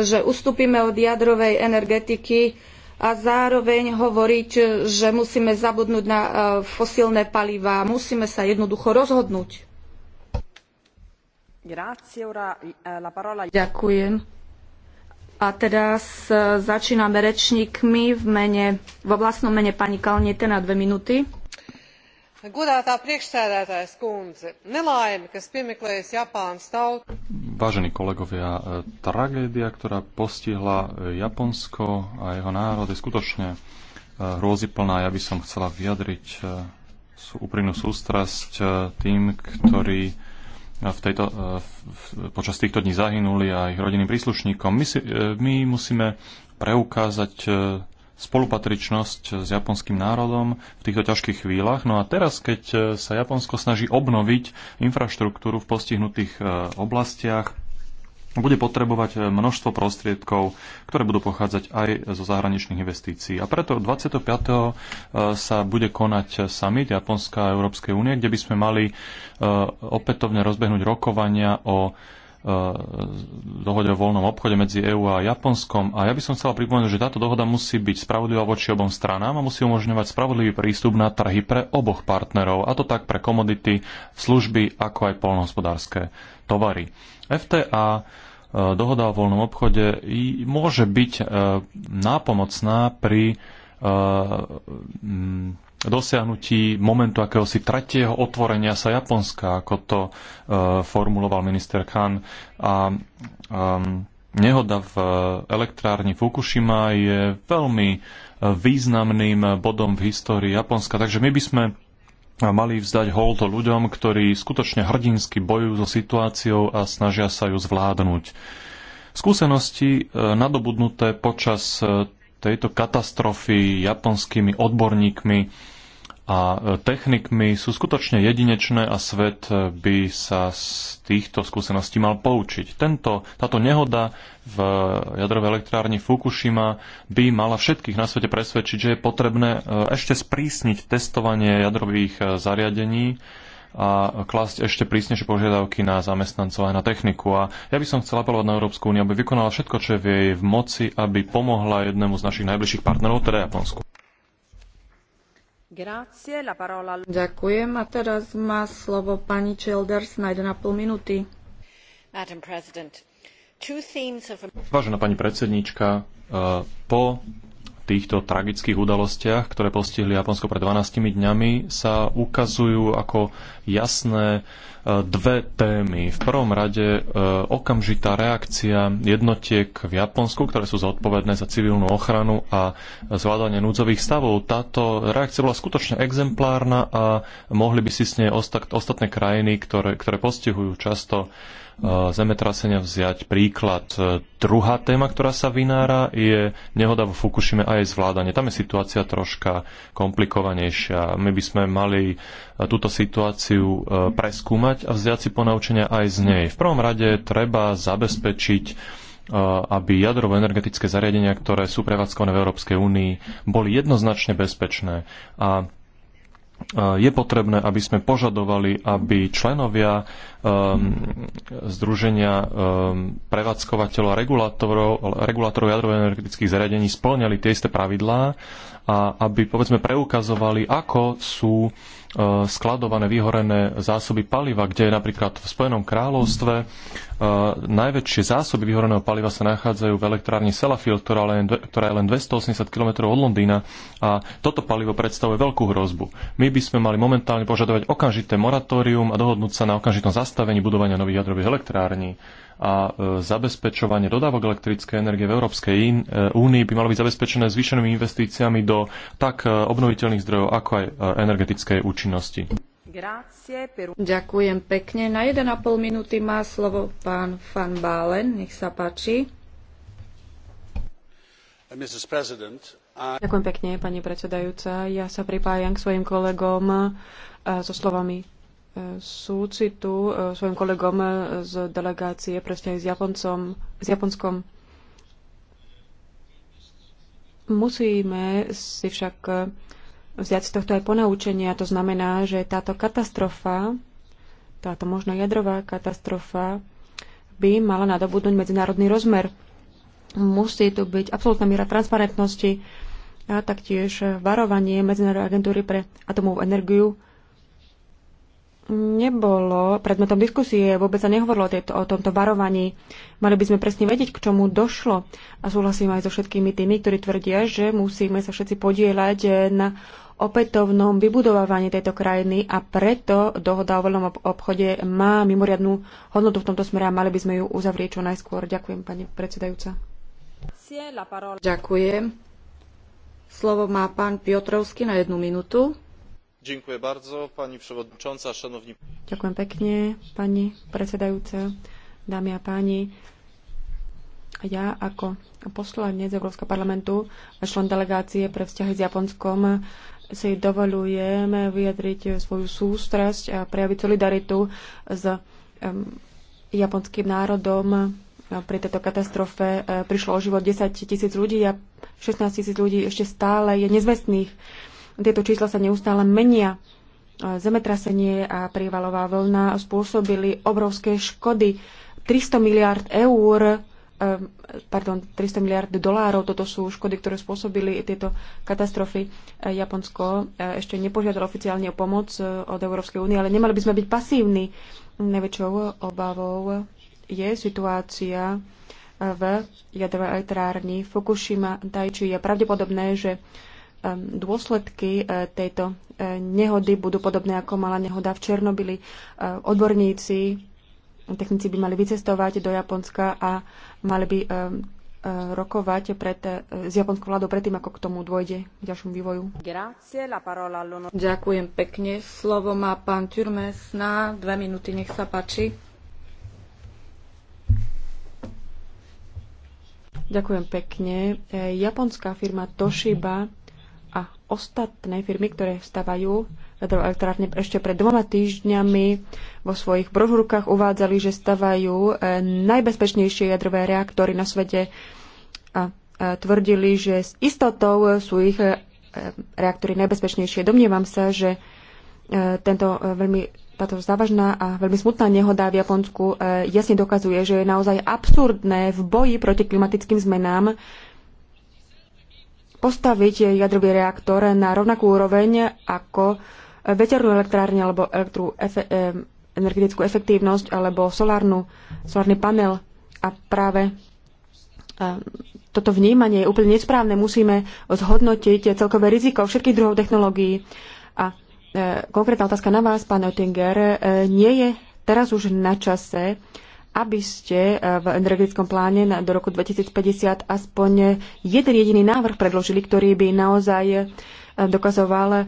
Speaker 2: že ustúpime od jadrovej energetiky a zároveň hovoriť, e, že musíme zabudnúť na e, fosílne palivá. Musíme sa jednoducho rozhodnúť.
Speaker 1: E,
Speaker 2: Ďakujem. A teraz začíname rečníkmi v mene, vo vlastnom mene pani Kalniete na dve minúty.
Speaker 3: Vážení kolegovia, e, tragédia, ktorá postihla e, Japonsko a jeho národ, je skutočne e, hrôziplná. Ja by som chcela vyjadriť úprimnú sústrasť tým, ktorí v tejto, e, v, počas týchto dní zahynuli a ich rodinným príslušníkom. My, si, e, my musíme preukázať e, spolupatričnosť s japonským národom v týchto ťažkých chvíľach. No a teraz, keď sa Japonsko snaží obnoviť infraštruktúru v postihnutých oblastiach, bude potrebovať e, množstvo prostriedkov, ktoré budú pochádzať aj zo zahraničných investícií. A preto 25. E, sa bude konať summit Japonská a Európskej únie, kde by sme mali e, opätovne rozbehnúť rokovania o dohode o voľnom obchode medzi EÚ a Japonskom. A ja by som chcela pripomenúť, že táto dohoda musí byť spravodlivá voči obom stranám a musí umožňovať spravodlivý prístup na trhy pre oboch partnerov, a to tak pre komodity, služby, ako aj polnohospodárske tovary. FTA E, dohoda o voľnom obchode môže byť e, nápomocná pri e, dosiahnutí momentu akéhosi tretieho otvorenia sa Japonska, ako to formuloval minister Khan. A nehoda v elektrárni Fukushima je veľmi významným bodom v histórii Japonska. Takže my by sme mali vzdať hold ľuďom, ktorí skutočne hrdinsky bojujú so situáciou a snažia sa ju zvládnuť. Skúsenosti e, nadobudnuté počas e, tejto katastrofy japonskými odborníkmi a e, technikmi sú skutočne jedinečné a svet e, by sa z týchto skúseností mal poučiť. Tento, táto nehoda v e, jadrovej elektrárni Fukushima by mala všetkých na svete presvedčiť, že je potrebné ešte sprísniť testovanie jadrových zariadení a klásť ešte prísnejšie požiadavky na zamestnancov aj na techniku. A ja by som chcela apelovať na Európsku úniu, aby vykonala všetko, čo je v jej v moci, aby pomohla jednému z našich najbližších partnerov, teda Japonsku.
Speaker 2: Ďakujem a teraz má slovo pani Childers na 1,5 minúty.
Speaker 3: Vážená pani predsedníčka, eh, po týchto tragických udalostiach, ktoré postihli Japonsko pred 12 dňami, sa ukazujú ako jasné e, dve témy. V prvom rade e, okamžitá reakcia jednotiek v Japonsku, ktoré sú zodpovedné za civilnú ochranu a zvládanie núdzových stavov. Táto reakcia bola skutočne exemplárna a mohli by si s nej ostatné krajiny, ktoré, ktoré postihujú často E, zemetrasenia vziať príklad. E, druhá téma, ktorá sa vynára, je nehoda vo Fukushime a jej zvládanie. Tam je situácia troška komplikovanejšia. My by sme mali e, túto situáciu preskúmať a vziať si ponaučenia aj z nej. V prvom rade treba zabezpečiť aby jadrovo-energetické zariadenia, ktoré sú prevádzkované v Európskej únii, boli jednoznačne bezpečné. A je potrebné, aby sme požadovali, aby členovia um, Združenia um, prevádzkovateľov a regulátorov, regulátorov energetických zariadení splňali tie isté pravidlá a aby povedzme preukazovali, ako sú E, skladované, vyhorené zásoby paliva, kde je napríklad v Spojenom kráľovstve e, najväčšie zásoby vyhoreného paliva sa nachádzajú v elektrárni Sellafield, ktorá, len, ktorá je len 280 km od Londýna a toto palivo predstavuje veľkú hrozbu. My by sme mali momentálne požadovať okamžité moratórium a dohodnúť sa na okamžitom zastavení budovania nových jadrových elektrární a e, zabezpečovanie dodávok elektrickej energie v Európskej únii by malo byť zabezpečené zvýšenými investíciami do tak obnoviteľných zdrojov, ako aj energetickej účinnosti účinnosti.
Speaker 2: Ďakujem pekne. Na 1,5 minúty má slovo pán Van Balen. Nech sa páči.
Speaker 1: Uh, Ďakujem
Speaker 2: pekne, pani predsedajúca.
Speaker 1: Ja sa pripájam k svojim kolegom uh, so slovami uh, súcitu, svojim kolegom z delegácie presne s, Japoncom, s Japonskom. Musíme si však vziať z tohto aj ponaučenia. To znamená, že táto katastrofa, táto možno jadrová katastrofa by mala nadobudnúť medzinárodný rozmer. Musí tu byť absolútna miera transparentnosti a taktiež varovanie Medzinárodnej agentúry pre atomovú energiu nebolo predmetom diskusie, vôbec sa nehovorilo tieto, o tomto varovaní. Mali by sme presne vedieť, k čomu došlo. A súhlasím aj so všetkými tými, ktorí tvrdia, že musíme sa všetci podielať na opätovnom vybudovávaní tejto krajiny a preto dohoda o voľnom obchode má mimoriadnú hodnotu v tomto smere a mali by sme ju uzavrieť čo najskôr. Ďakujem, pani predsedajúca.
Speaker 3: Ďakujem.
Speaker 2: Slovo má pán Piotrovský na jednu minútu.
Speaker 3: Ďakujem bardzo, pani przewodnicząca, szanowni...
Speaker 2: Ďakujem pekne,
Speaker 1: pani predsedajúca, dámy a páni. Ja ako poslanec Európskeho parlamentu a člen delegácie pre vzťahy s Japonskom si dovolujeme vyjadriť svoju sústrasť a prejaviť solidaritu s japonským národom. Pri tejto katastrofe e, prišlo o život 10 tisíc ľudí a 16 tisíc ľudí ešte stále je nezvestných. Tieto čísla sa neustále menia. E, zemetrasenie a prívalová vlna spôsobili obrovské škody. 300 miliard eur Ehm, pardon, 300 miliard dolárov. Toto sú škody, ktoré spôsobili tieto katastrofy. E, Japonsko e, ešte nepožiadalo oficiálne o pomoc e, od Európskej únie, ale nemali by sme byť pasívni. Najväčšou obavou je situácia v jadrovej elektrárni Fukushima Daiichi. Je pravdepodobné, že ehm, dôsledky tejto nehody budú podobné ako mala nehoda v Černobyli. Odborníci, technici by mali vycestovať do Japonska a Mali by eh, eh, rokovať pred, eh, s japonskou vládou predtým, ako k tomu dôjde k ďalšom vývoju. Ďakujem
Speaker 2: pekne. Slovo má pán Turmes na dve minúty. Nech sa páči.
Speaker 1: Ďakujem pekne. Japonská firma Toshiba a ostatné firmy, ktoré vstávajú, jadrovú elektrárne ešte pred dvoma týždňami vo svojich brožúrkach uvádzali, že stavajú e, najbezpečnejšie jadrové reaktory na svete a e, tvrdili, že s istotou sú ich e, reaktory najbezpečnejšie. Domnievam sa, že tento veľmi, táto závažná a veľmi smutná nehoda v Japonsku jasne dokazuje, že je naozaj absurdné v boji proti klimatickým zmenám postaviť jadrový reaktor na rovnakú úroveň ako veternú elektrárne alebo elektru, efe, energetickú efektívnosť alebo solárnu, solárny panel a práve toto vnímanie je úplne nesprávne. Musíme zhodnotiť celkové riziko všetkých druhov technológií. A e, konkrétna otázka na vás, pán Oettinger, e, nie je teraz už na čase, aby ste e, v energetickom pláne na, do roku 2050 aspoň jeden jediný návrh predložili, ktorý by naozaj dokazoval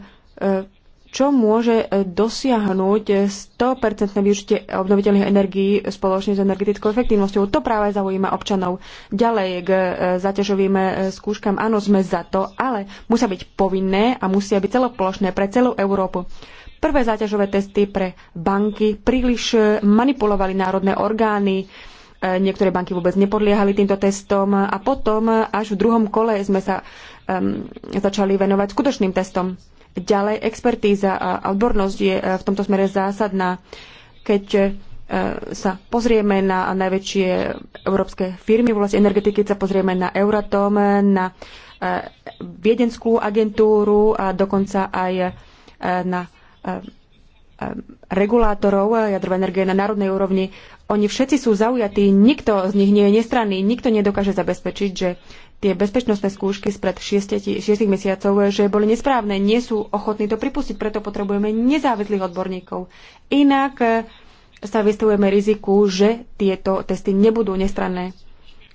Speaker 1: čo môže e, dosiahnuť 100% e, využitie obnoviteľných energií spoločne s energetickou efektívnosťou. To práve zaujíma občanov. Ďalej k e, zaťažovým skúškam. Áno, sme za to, ale musia byť povinné a musia byť celoplošné pre celú Európu. Prvé záťažové testy pre banky príliš manipulovali národné orgány, niektoré banky vôbec nepodliehali týmto testom a potom až v druhom kole sme sa um, začali venovať skutočným testom. Ďalej, expertíza a odbornosť je e, v tomto smere zásadná. Keď e, sa pozrieme na najväčšie európske firmy v oblasti energetiky, sa pozrieme na Euratom, na e, Viedenskú agentúru a dokonca aj na regulátorov jadrovej energie na národnej úrovni. Oni všetci sú zaujatí, nikto z nich nie je nestranný, nikto nedokáže zabezpečiť, že tie bezpečnostné skúšky spred 6, mesiacov, že boli nesprávne, nie sú ochotní to pripustiť, preto potrebujeme nezávislých odborníkov. Inak e, sa vystavujeme riziku, že tieto testy nebudú nestranné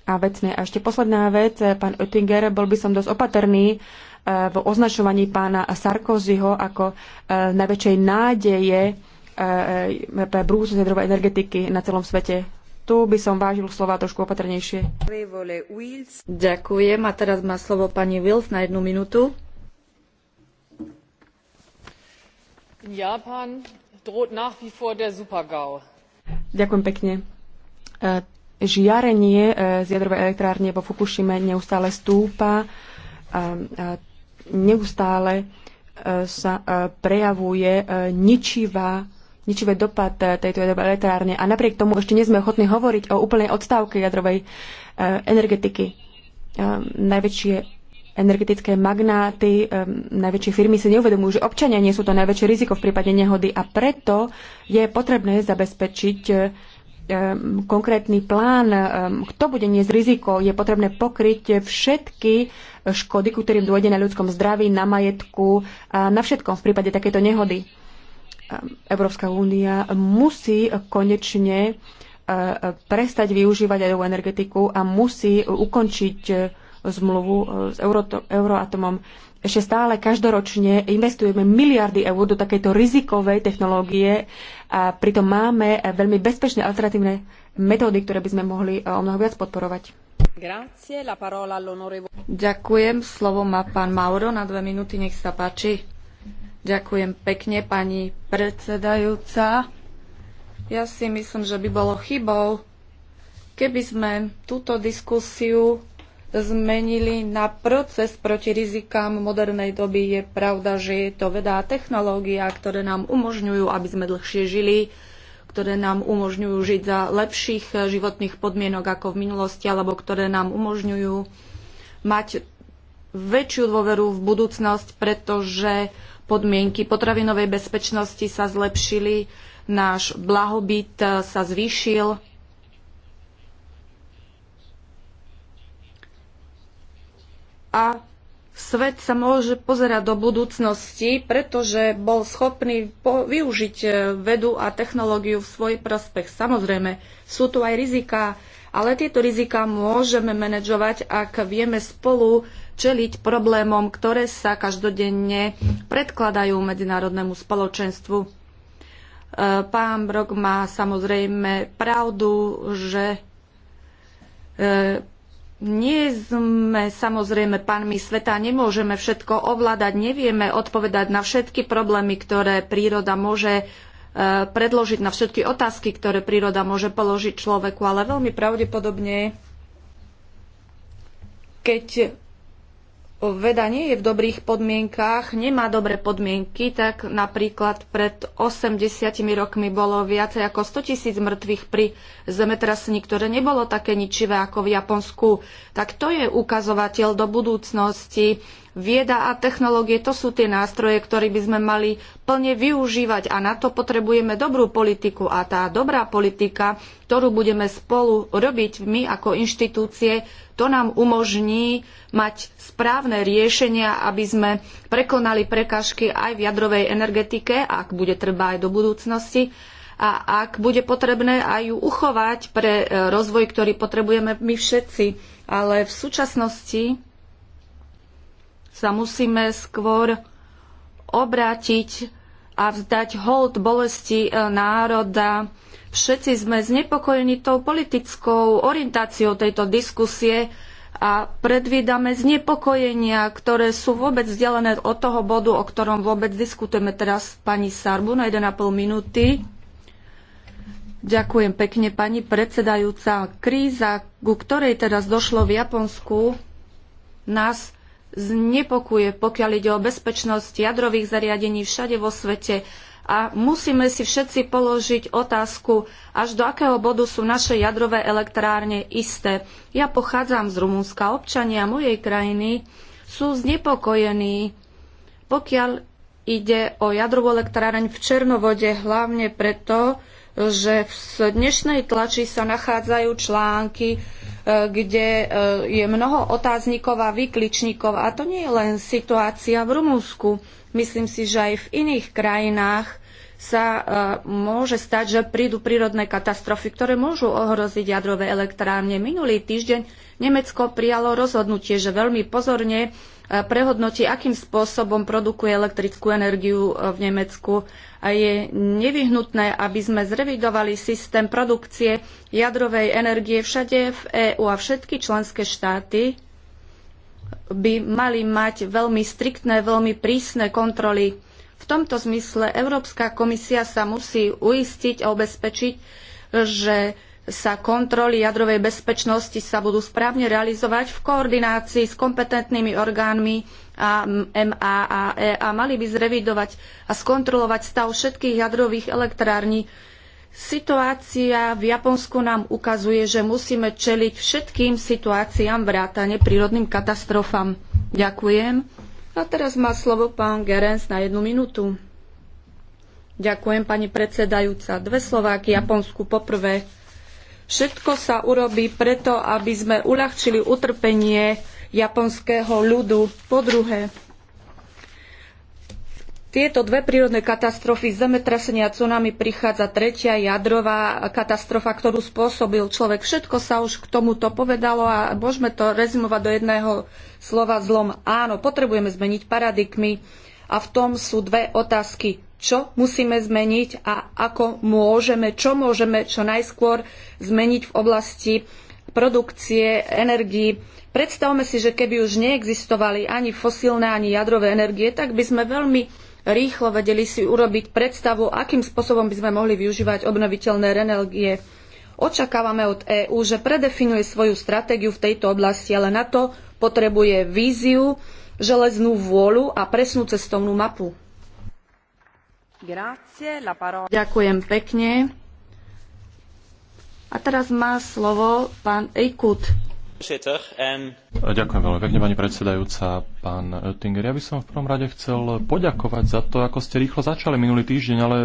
Speaker 1: a vecné. A ešte posledná vec, e, pán Oettinger, bol by som dosť opatrný e, v označovaní pána Sarkozyho ako najväčšej nádeje pre budúcnosť
Speaker 2: jadrovej energetiky na celom svete tu by som vážil slova trošku opatrnejšie. Ďakujem a teraz má slovo pani Wills na jednu minútu. Japan droht nach wie vor der Supergau.
Speaker 1: Ďakujem pekne. E, žiarenie e, z jadrovej elektrárne vo Fukushime neustále stúpa. Neustále e, sa prejavuje ničivá ničivý dopad eh, tejto jadrovej elektrárne a napriek tomu ešte nie sme ochotní hovoriť o úplnej odstávke jadrovej eh, energetiky. Eh, najväčšie energetické magnáty, najväčšie firmy si neuvedomujú, že občania nie sú to najväčšie riziko v prípade nehody a preto je potrebné zabezpečiť konkrétny plán, kto bude niesť riziko. Je potrebné pokryť všetky škody, ku ktorým dôjde na ľudskom zdraví, na majetku a na všetkom v prípade takéto nehody Európska únia musí konečne e, prestať využívať jadrovú energetiku a musí ukončiť e, zmluvu e, s Euroatomom. Ešte stále každoročne investujeme miliardy eur do takejto rizikovej technológie a pritom máme veľmi bezpečné alternatívne metódy, ktoré by sme mohli o mnoho viac podporovať.
Speaker 2: Ďakujem. Slovo má pán Mauro na dve minúty. Nech sa páči. Ďakujem pekne, pani predsedajúca. Ja si myslím, že by bolo chybou, keby sme túto diskusiu zmenili na proces proti rizikám modernej doby. Je pravda, že je to veda a technológia, ktoré nám umožňujú, aby sme dlhšie žili, ktoré nám umožňujú žiť za lepších životných podmienok ako v minulosti, alebo ktoré nám umožňujú mať väčšiu dôveru v budúcnosť, pretože podmienky potravinovej bezpečnosti sa zlepšili, náš blahobyt e, sa zvýšil. A svet sa môže pozerať do budúcnosti, pretože bol schopný využiť e, vedu a technológiu v svoj prospech. Samozrejme, sú tu aj riziká, ale tieto rizika môžeme manažovať, ak vieme spolu čeliť problémom, ktoré sa každodenne predkladajú medzinárodnému spoločenstvu. E, pán Brok má samozrejme pravdu, že e, nie sme samozrejme pánmi sveta, nemôžeme všetko ovládať, nevieme odpovedať na všetky problémy, ktoré príroda môže predložiť na všetky otázky, ktoré príroda môže položiť človeku, ale veľmi pravdepodobne, keď veda nie je v dobrých podmienkách, nemá dobré podmienky, tak napríklad pred 80 rokmi bolo viacej ako 100 tisíc mŕtvych pri zemetrasení, ktoré nebolo také ničivé ako v Japonsku. Tak to je ukazovateľ do budúcnosti. Vieda a technológie to sú tie nástroje, ktoré by sme mali plne využívať a na to potrebujeme dobrú politiku a tá dobrá politika, ktorú budeme spolu robiť my ako inštitúcie, to nám umožní mať správne riešenia, aby sme prekonali prekažky aj v jadrovej energetike, ak bude treba aj do budúcnosti a ak bude potrebné aj ju uchovať pre e, rozvoj, ktorý potrebujeme my všetci. Ale v súčasnosti sa musíme skôr obrátiť a vzdať hold bolesti e, národa. Všetci sme znepokojení tou politickou orientáciou tejto diskusie a predvídame znepokojenia, ktoré sú vôbec vzdialené od toho bodu, o ktorom vôbec diskutujeme teraz s pani Sarbu na 1,5 minúty. Ďakujem pekne, pani predsedajúca. Kríza, ku ktorej teraz došlo v Japonsku, nás znepokuje, pokiaľ ide o bezpečnosť jadrových zariadení všade vo svete. A musíme si všetci položiť otázku, až do akého bodu sú naše jadrové elektrárne isté. Ja pochádzam z Rumunska. Občania mojej krajiny sú znepokojení, pokiaľ ide o jadrovú elektráreň v Černovode, hlavne preto, že v dnešnej tlači sa nachádzajú články, E, kde e, je mnoho otáznikov a vykličníkov. A to nie je len situácia v Rumunsku. Myslím si, že aj v iných krajinách sa e, môže stať, že prídu prírodné katastrofy, ktoré môžu ohroziť jadrové elektrárne. Minulý týždeň Nemecko prijalo rozhodnutie, že veľmi pozorne prehodnotí, akým spôsobom produkuje elektrickú energiu v Nemecku a je nevyhnutné, aby sme zrevidovali systém produkcie jadrovej energie všade v EÚ a všetky členské štáty by mali mať veľmi striktné, veľmi prísne kontroly. V tomto zmysle Európska komisia sa musí uistiť a ubezpečiť, že sa kontroly jadrovej bezpečnosti sa budú správne realizovať v koordinácii s kompetentnými orgánmi a MAAE a mali by zrevidovať a skontrolovať stav všetkých jadrových elektrární. Situácia v Japonsku nám ukazuje, že musíme čeliť všetkým situáciám vrátane prírodným katastrofám. Ďakujem. A teraz má slovo pán Gerens na jednu minútu. Ďakujem, pani predsedajúca. Dve slová k Japonsku. Poprvé, všetko sa urobí preto, aby sme uľahčili utrpenie japonského ľudu. Po druhé, tieto dve prírodné katastrofy, zemetrasenia a tsunami, prichádza tretia jadrová katastrofa, ktorú spôsobil človek. Všetko sa už k tomuto povedalo a môžeme to rezimovať do jedného slova zlom. Áno, potrebujeme zmeniť paradigmy a v tom sú dve otázky. Čo musíme zmeniť a ako môžeme, čo môžeme čo najskôr zmeniť v oblasti produkcie energii Predstavme si, že keby už neexistovali ani fosílne, ani jadrové energie, tak by sme veľmi rýchlo vedeli si urobiť predstavu, akým spôsobom by sme mohli využívať obnoviteľné energie. Očakávame od EÚ, že predefinuje svoju stratégiu v tejto oblasti, ale na to potrebuje víziu, železnú vôľu a presnú cestovnú mapu. Grazie, Ďakujem pekne. A teraz má slovo pán Ejkut.
Speaker 3: Ďakujem veľmi pekne, pani predsedajúca, pán Oettinger. Ja by som v prvom rade chcel poďakovať za to, ako ste rýchlo začali minulý týždeň, ale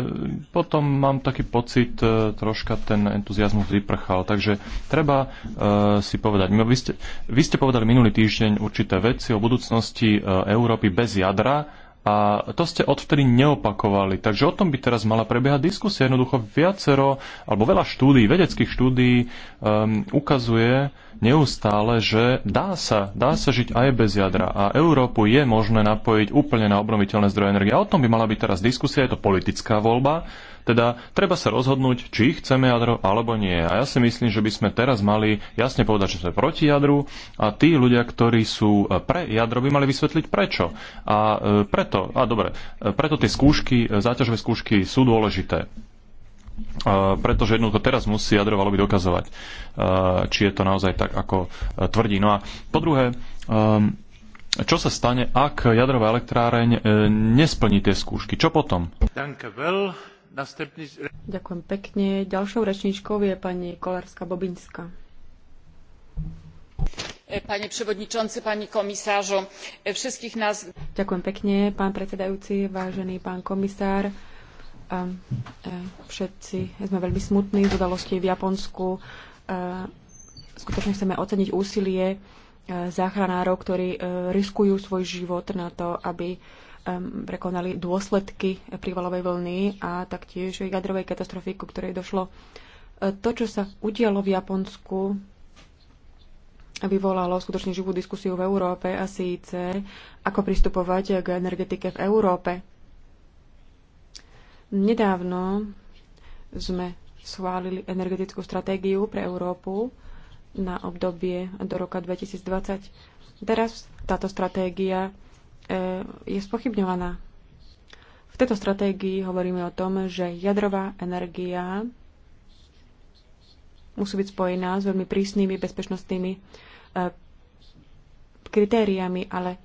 Speaker 3: potom mám taký pocit, e, troška ten entuziasmus vyprchal. Takže treba uh, si povedať, vy ste, vy ste povedali minulý týždeň určité veci o budúcnosti e, Európy bez jadra, a to ste odvtedy neopakovali. Takže o tom by teraz mala prebiehať diskusia. Jednoducho viacero, alebo veľa štúdí, vedeckých štúdí um, ukazuje, neustále, že dá sa, dá sa žiť aj bez jadra a Európu je možné napojiť úplne na obnoviteľné zdroje energie. A o tom by mala byť teraz diskusia, je to politická voľba, teda treba sa rozhodnúť, či chceme jadro alebo nie. A ja si myslím, že by sme teraz mali jasne povedať, že sme proti jadru a tí ľudia, ktorí sú pre jadro, by mali vysvetliť prečo. A e, preto, a dobre, e, preto tie skúšky, e, záťažové skúšky sú dôležité pretože jednoducho teraz musí jadrovalo by dokazovať, či je to naozaj tak, ako tvrdí. No a po druhé, čo sa stane, ak jadrová elektráreň e, nesplní tie skúšky? Čo potom?
Speaker 1: Ďakujem pekne. Ďalšou rečníčkou je pani Kolárska Bobinská.
Speaker 2: E, panie przewodniczący, pani komisarzu, e, wszystkich nas...
Speaker 1: Ďakujem pekne, pán predsedajúci, vážený pán komisár. E, všetci sme veľmi smutní z udalostí v Japonsku. E, skutočne chceme oceniť úsilie e, záchranárov, ktorí riskujú svoj život na to, aby prekonali dôsledky prívalovej vlny a taktiež jadrovej katastrofy, ku ktorej došlo. To, čo sa udialo v Japonsku, vyvolalo skutočne živú diskusiu v Európe a síce, ako pristupovať k energetike v Európe. Nedávno sme schválili energetickú stratégiu pre Európu na obdobie do roka 2020. Teraz táto stratégia e, je spochybňovaná. V tejto stratégii hovoríme o tom, že jadrová energia musí byť spojená s veľmi prísnymi bezpečnostnými e, kritériami, ale e,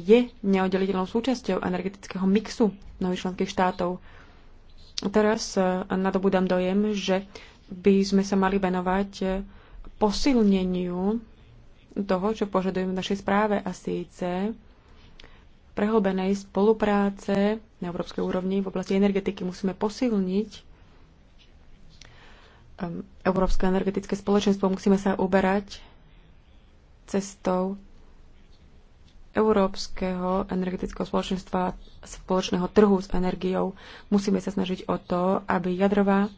Speaker 1: je neoddeliteľnou súčasťou energetického mixu nových členských štátov. Teraz e, nadobúdam dojem, že by sme sa mali venovať e, posilneniu toho, čo požadujeme v našej správe a síce prehlbenej spolupráce na európskej úrovni v oblasti energetiky. Musíme posilniť e, Európske energetické spoločenstvo, musíme sa uberať cestou európskeho energetického spoločenstva, spoločného trhu s energiou. Musíme sa snažiť o to, aby jadrová e,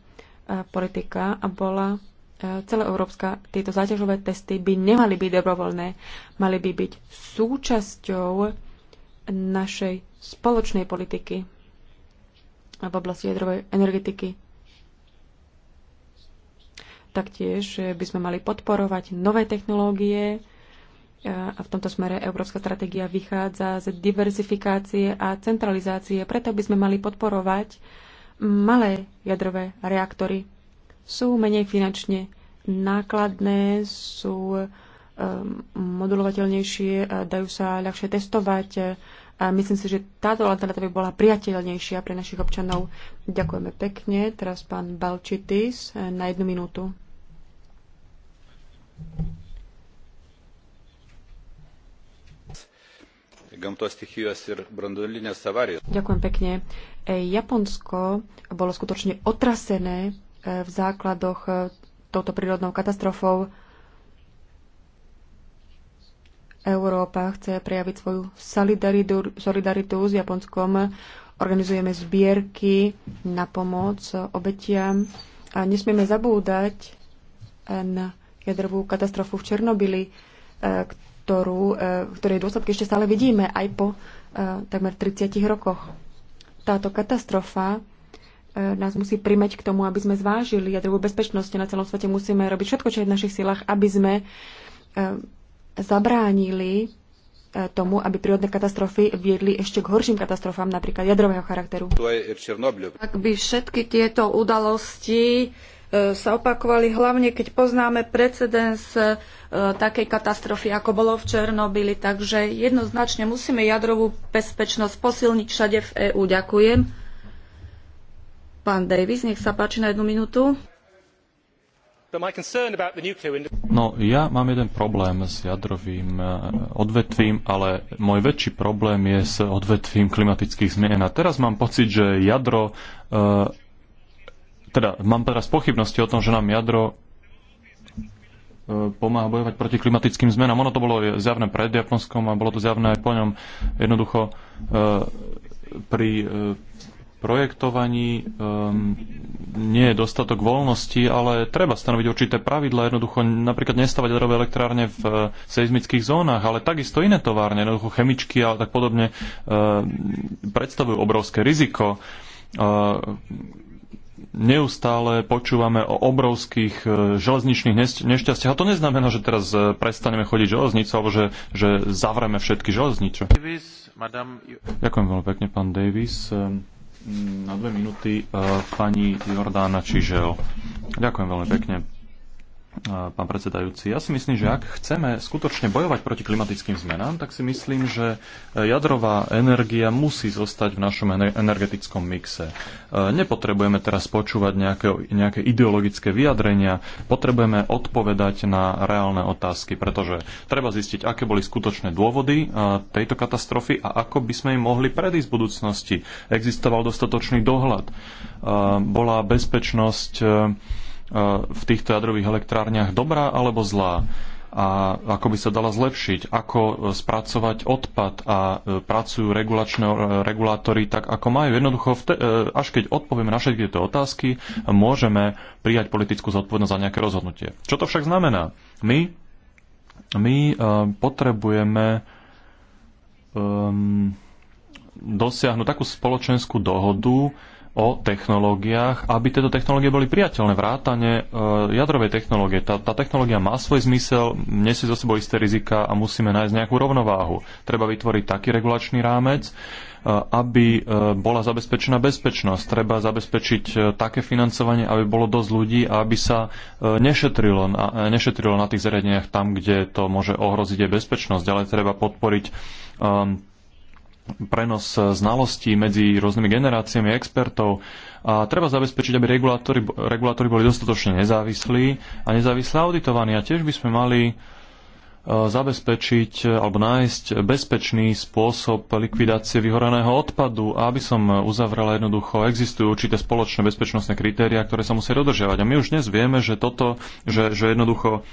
Speaker 1: politika bola e, celoeurópska. Tieto záťažové testy by nemali byť dobrovoľné, mali by byť súčasťou našej spoločnej politiky v oblasti jadrovej energetiky. Taktiež e, by sme mali podporovať nové technológie, a v tomto smere európska stratégia vychádza z diverzifikácie a centralizácie. Preto by sme mali podporovať malé jadrové reaktory. Sú menej finančne nákladné, sú um, modulovateľnejšie, dajú sa ľahšie testovať. A myslím si, že táto alternatíva by bola priateľnejšia pre našich občanov. Ďakujeme pekne. Teraz pán Balčitis na jednu minútu.
Speaker 3: gamtos stichijos ir avarijos. Ďakujem
Speaker 1: pekne. E, Japonsko bolo skutočne otrasené e, v základoch e, touto prírodnou katastrofou. Európa chce prejaviť svoju solidaritu, solidaritu s Japonskom. Organizujeme zbierky na pomoc obetiam a nesmieme zabúdať na jadrovú katastrofu v ktorá ktorú, e, ktorej dôsledky ešte stále vidíme aj po e, takmer 30 rokoch. Táto katastrofa e, nás musí primeť k tomu, aby sme zvážili jadrovú bezpečnosť na celom svete. Musíme robiť všetko, čo je v našich silách, aby sme zabránili tomu, aby prírodné katastrofy viedli ešte k horším katastrofám,
Speaker 2: napríklad jadrového charakteru. Ak by všetky tieto udalosti sa opakovali, hlavne keď poznáme precedens e, takej katastrofy, ako bolo v Černobyli. Takže jednoznačne musíme jadrovú bezpečnosť posilniť všade v EÚ. Ďakujem. Pán Davis, nech sa páči na jednu minútu.
Speaker 3: No, ja mám jeden problém s jadrovým e, odvetvím, ale môj väčší problém je s odvetvím klimatických zmien. A teraz mám pocit, že jadro e, teda mám teraz pochybnosti o tom, že nám jadro e, pomáha bojovať proti klimatickým zmenám. Ono to bolo zjavné pred Japonskom a bolo to zjavné aj po ňom. Jednoducho e, pri e, projektovaní um, nie je dostatok voľnosti, ale treba stanoviť určité pravidla, jednoducho napríklad nestavať jadrové elektrárne v uh, seizmických zónach, ale takisto iné továrne, jednoducho chemičky a tak podobne uh, predstavujú obrovské riziko. Uh, neustále počúvame o obrovských e, železničných nešťastiach. A to neznamená, že teraz e, prestaneme chodiť železnice, alebo že, že zavreme všetky železnice. Ďakujem veľmi pekne, pán Davis. E, na dve minúty pani Jordána Čižel. Ďakujem veľmi pekne pán predsedajúci. Ja si myslím, že ak chceme skutočne bojovať proti klimatickým zmenám, tak si myslím, že e, jadrová energia musí zostať v našom energetickom mixe. E, nepotrebujeme teraz počúvať nejaké, nejaké ideologické vyjadrenia, potrebujeme odpovedať na reálne otázky, pretože treba zistiť, aké boli skutočné dôvody e, tejto katastrofy a ako by sme im mohli predísť v budúcnosti. Existoval dostatočný dohľad, bola bezpečnosť E, v týchto jadrových elektrárniach dobrá alebo zlá a ako by sa dala zlepšiť, ako e, spracovať odpad a e, pracujú regulačné regulátory tak, ako majú. Jednoducho, až keď odpovieme na všetky tieto otázky, môžeme prijať politickú zodpovednosť za nejaké rozhodnutie. Čo to však znamená? My, my potrebujeme um, dosiahnuť takú spoločenskú dohodu, o technológiách, aby tieto technológie boli priateľné, vrátane e, jadrovej technológie. Tá, tá technológia má svoj zmysel, nesie zo sebou isté rizika a musíme nájsť nejakú rovnováhu. Treba vytvoriť taký regulačný rámec, e, aby e, bola zabezpečená bezpečnosť. Treba zabezpečiť také financovanie, aby bolo dosť ľudí a aby sa nešetrilo na, nešetrilo na tých zariadeniach tam, kde to môže ohroziť aj bezpečnosť. Ďalej treba podporiť um, prenos znalostí medzi rôznymi generáciami expertov a treba zabezpečiť, aby regulátori, regulátory boli dostatočne nezávislí a nezávisle auditovaní. A tiež by sme mali e, zabezpečiť alebo nájsť bezpečný spôsob likvidácie vyhoreného odpadu a aby som uzavrela jednoducho, existujú určité spoločné bezpečnostné kritéria, ktoré sa musia dodržiavať. A my už dnes vieme, že toto, že, že jednoducho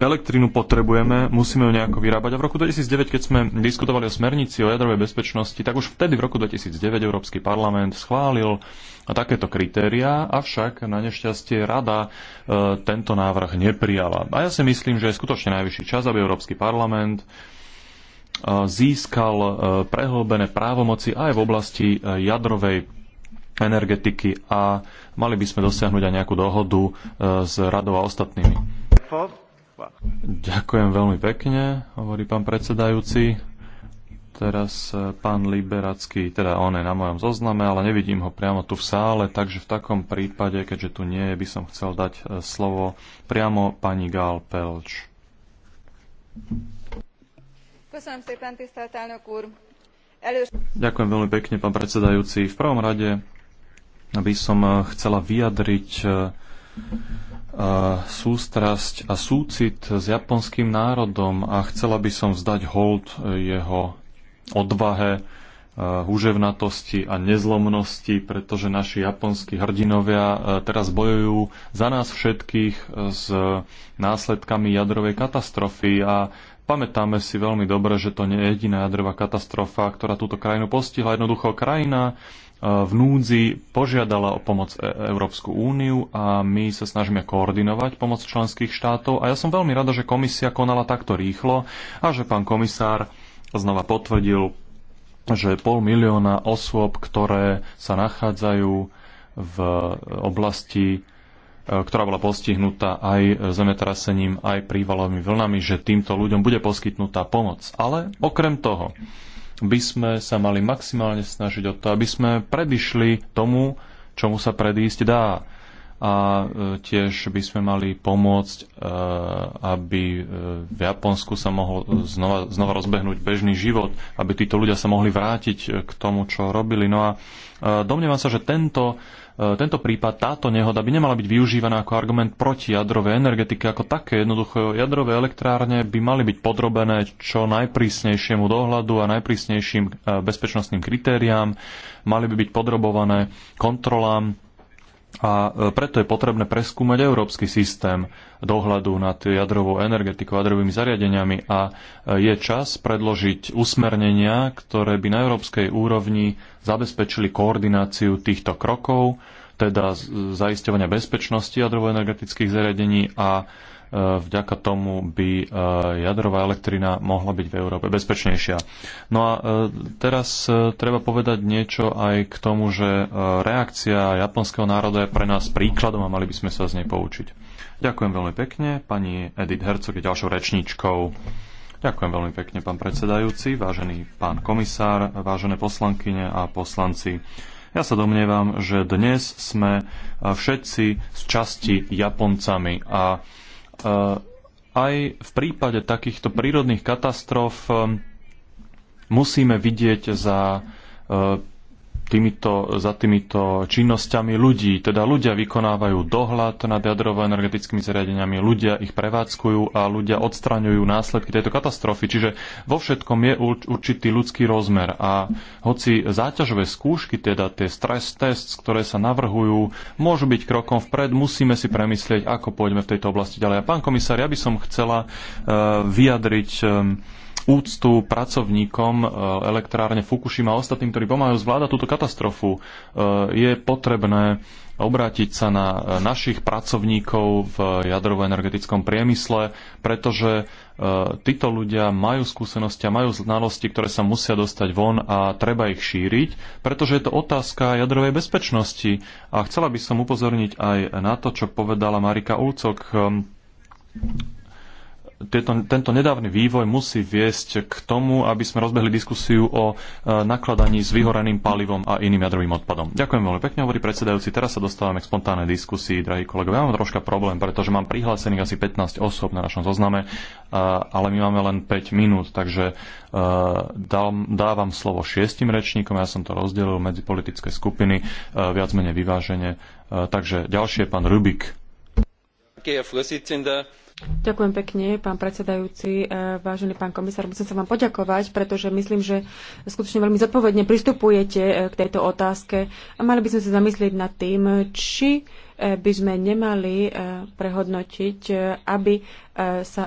Speaker 3: elektrínu potrebujeme, musíme ju nejako vyrábať. A v roku 2009, keď sme diskutovali o smernici o jadrovej bezpečnosti, tak už vtedy v roku 2009 Európsky parlament schválil takéto kritériá, avšak na nešťastie rada e, tento návrh neprijala. A ja si myslím, že je skutočne najvyšší čas, aby Európsky parlament e, získal e, prehlbené právomoci aj v oblasti e, jadrovej energetiky a mali by sme dosiahnuť aj nejakú dohodu s radou a ostatnými. Šojdrova. Ďakujem veľmi pekne, hovorí pán predsedajúci. Teraz e, pán Liberacký, teda on je na mojom zozname, ale nevidím ho priamo tu v sále, takže v takom prípade, keďže tu nie je, by som chcel dať e, slovo priamo pani Gál Pelč. Ďakujem veľmi pekne, pán predsedajúci. V prvom rade by som e, chcela vyjadriť sústrasť a súcit s japonským národom a chcela by som vzdať hold e, jeho odvahe, e, húževnatosti a nezlomnosti, pretože naši japonskí hrdinovia e, teraz bojujú za nás všetkých s následkami jadrovej katastrofy a pamätáme si veľmi dobre, že to nie je jediná jadrová katastrofa, ktorá túto krajinu postihla. Jednoducho krajina, E, v núdzi požiadala o pomoc e, Európsku úniu a my sa snažíme koordinovať pomoc členských štátov. A ja som veľmi rada, že komisia konala takto rýchlo a že pán komisár znova potvrdil, že pol milióna osôb, ktoré sa nachádzajú v oblasti e, ktorá bola postihnutá aj zemetrasením, aj prívalovými vlnami, že týmto ľuďom bude poskytnutá pomoc. Ale okrem toho, by sme sa mali maximálne snažiť o to, aby sme predišli tomu, čomu sa predísť dá. A e, tiež by sme mali pomôcť, e, aby e, v Japonsku sa mohol znova, znova rozbehnúť bežný život, aby títo ľudia sa mohli vrátiť k tomu, čo robili. No a domnievam sa, že tento E, tento prípad, táto nehoda by nemala byť využívaná ako argument proti jadrovej energetike ako také. Jednoducho jadrové elektrárne by mali byť podrobené čo najprísnejšiemu dohľadu a najprísnejším e, bezpečnostným kritériám, mali by byť podrobované kontrolám a e, preto je potrebné preskúmať európsky systém dohľadu nad jadrovou energetikou, jadrovými zariadeniami a e, je čas predložiť usmernenia, ktoré by na európskej úrovni zabezpečili koordináciu týchto krokov, teda zaisťovania bezpečnosti jadrovoenergetických zariadení a Eh, vďaka tomu by eh, jadrová elektrina mohla byť v Európe bezpečnejšia. No a eh, teraz treba povedať niečo aj k tomu, že reakcia japonského národa je pre nás príkladom a mali by sme sa z nej poučiť. Ďakujem veľmi pekne. Pani Edith Hercog je ďalšou rečníčkou. Ďakujem veľmi pekne, pán predsedajúci, vážený pán komisár, vážené poslankyne a poslanci. Ja sa domnievam, že dnes sme všetci z časti Japoncami a aj v prípade takýchto prírodných katastrof ehm, musíme vidieť za ehm, týmito, za týmito činnosťami ľudí. Teda ľudia vykonávajú dohľad nad jadrovo-energetickými zariadeniami, ľudia ich prevádzkujú a ľudia odstraňujú následky tejto katastrofy. Čiže vo všetkom je určitý ľudský rozmer. A hoci záťažové skúšky, teda tie stres tests, ktoré sa navrhujú, môžu byť krokom vpred, musíme si premyslieť, ako pôjdeme v tejto oblasti ďalej. A pán komisár, ja by som chcela uh, vyjadriť eh, úctu pracovníkom e, elektrárne Fukushima a ostatným, ktorí pomáhajú zvládať túto katastrofu. E, je potrebné obrátiť sa na e, našich pracovníkov v jadrovo-energetickom priemysle, pretože títo ľudia majú skúsenosti a majú znalosti, ktoré sa musia dostať von a treba ich šíriť, pretože je to otázka jadrovej bezpečnosti. A chcela by som upozorniť aj na to, čo povedala Marika Ulcok tieto, tento nedávny vývoj musí viesť k tomu, aby sme rozbehli diskusiu o e, nakladaní s vyhoreným palivom a iným jadrovým odpadom. Ďakujem veľmi pekne, hovorí predsedajúci. Teraz sa dostávame k spontánnej diskusii, drahí kolegovia. Ja mám troška problém, pretože mám prihlásených asi 15 osôb na našom zozname, e, ale my máme len 5 minút, takže e, dávam slovo šiestim rečníkom. Ja som to rozdelil medzi politické skupiny, viac menej vyvážene. Takže ďalšie pán Rubik.
Speaker 1: Ďakujem pekne, pán predsedajúci, e, vážený pán komisár. Musím sa vám poďakovať, pretože myslím, že skutočne veľmi zodpovedne pristupujete e, k tejto otázke a mali by sme sa zamyslieť nad tým, či e, by sme nemali prehodnotiť, aby sa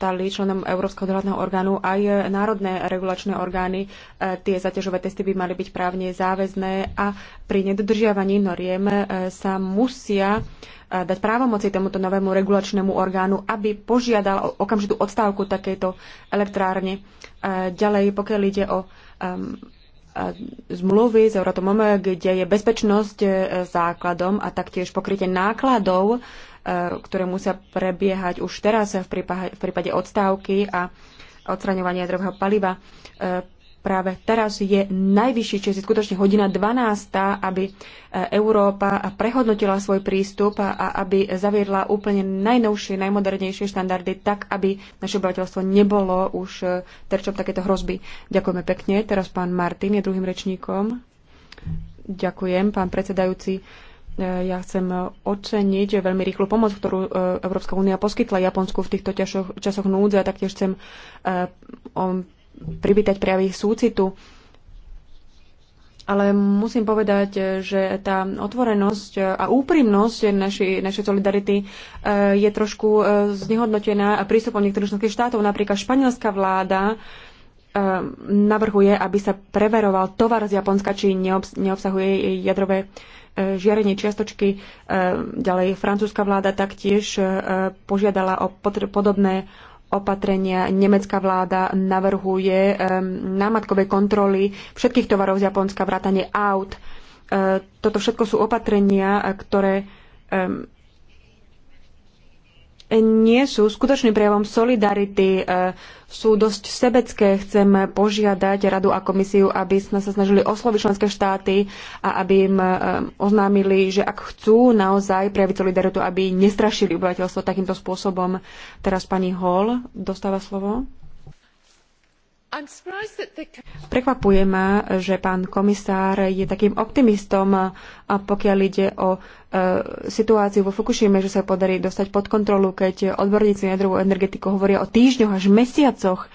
Speaker 1: stali členom Európskeho dohľadného orgánu aj národné regulačné orgány. E, tie zaťažové testy by mali byť právne záväzné a pri nedodržiavaní noriem e, sa musia e, dať právomoci tomuto novému regulačnému orgánu, aby požiadal o okamžitú odstávku takejto elektrárne. Ďalej, pokiaľ ide o um, zmluvy s Euratomom, kde je bezpečnosť e, základom a taktiež pokrytie nákladov, e, ktoré musia prebiehať už teraz v prípade, v prípade odstávky a odstraňovania druhého paliva. E, práve teraz je najvyšší čas, je skutočne hodina 12, aby e, Európa prehodnotila svoj prístup a aby zaviedla úplne najnovšie, najmodernejšie štandardy, tak aby naše obyvateľstvo nebolo už e, terčom takéto hrozby. Ďakujeme pekne. Teraz pán Martin je druhým rečníkom. Ďakujem, pán predsedajúci. E, ja chcem oceniť veľmi rýchlu pomoc, ktorú Európska únia poskytla Japonsku v týchto časoch, časoch núdze a taktiež chcem privítať prejavy súcitu. Ale musím povedať, že tá otvorenosť a úprimnosť našej, našej solidarity e, je trošku e, znehodnotená prístupom niektorých členských štátov. Napríklad španielská vláda e, navrhuje, aby sa preveroval tovar z Japonska, či neobs- neobsahuje jadrové žiarenie čiastočky. Ďalej francúzska vláda taktiež požiadala o podobné opatrenia nemecká vláda navrhuje námatkové kontroly všetkých tovarov z Japonska, vrátanie aut. E, toto všetko sú opatrenia, e, ktoré nie sú skutočným prejavom solidarity, e, sú dosť sebecké. Chcem požiadať Radu a komisiu, aby sme sa snažili osloviť členské štáty a aby im e, oznámili, že ak chcú naozaj prejaviť solidaritu, aby nestrašili obyvateľstvo takýmto spôsobom. Teraz pani Hall dostáva slovo. Prekvapuje ma, že pán komisár je takým optimistom, a pokiaľ ide o e, situáciu vo Fukushime, že sa podarí dostať pod kontrolu, keď odborníci na jadrovú energetiku hovoria o týždňoch až mesiacoch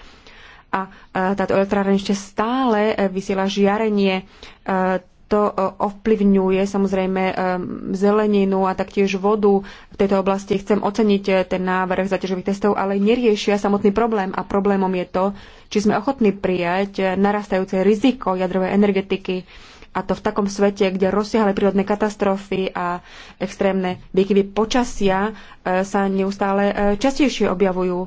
Speaker 1: a e, táto elektrárne ešte stále e, vysiela žiarenie. E, to e, ovplyvňuje samozrejme e, zeleninu a taktiež vodu v tejto oblasti. Chcem oceniť e, ten návrh zaťažových testov, ale neriešia samotný problém a problémom je to, či sme ochotní prijať narastajúce riziko jadrovej energetiky a to v takom svete, kde rozsiahle prírodné katastrofy a extrémne výkyvy počasia sa neustále častejšie objavujú.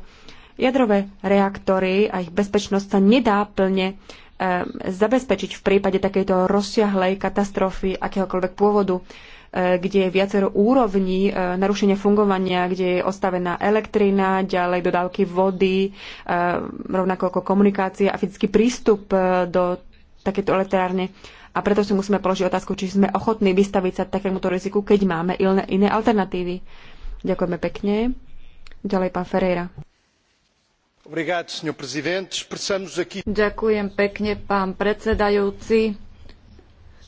Speaker 1: Jadrové reaktory a ich bezpečnosť sa nedá plne Ehm, zabezpečiť v prípade takejto rozsiahlej katastrofy akéhokoľvek pôvodu, ehm, kde je viacero úrovní ehm, narušenia fungovania, kde je ostavená elektrina, ďalej dodávky vody, rovnako ako komunikácia a fyzický prístup do takéto elektrárne. A preto si musíme položiť otázku, či sme ochotní vystaviť sa takémuto riziku, keď máme iné alternatívy. Ďakujeme pekne. Ďalej pán Ferreira.
Speaker 2: Ďakujem pekne, pán predsedajúci.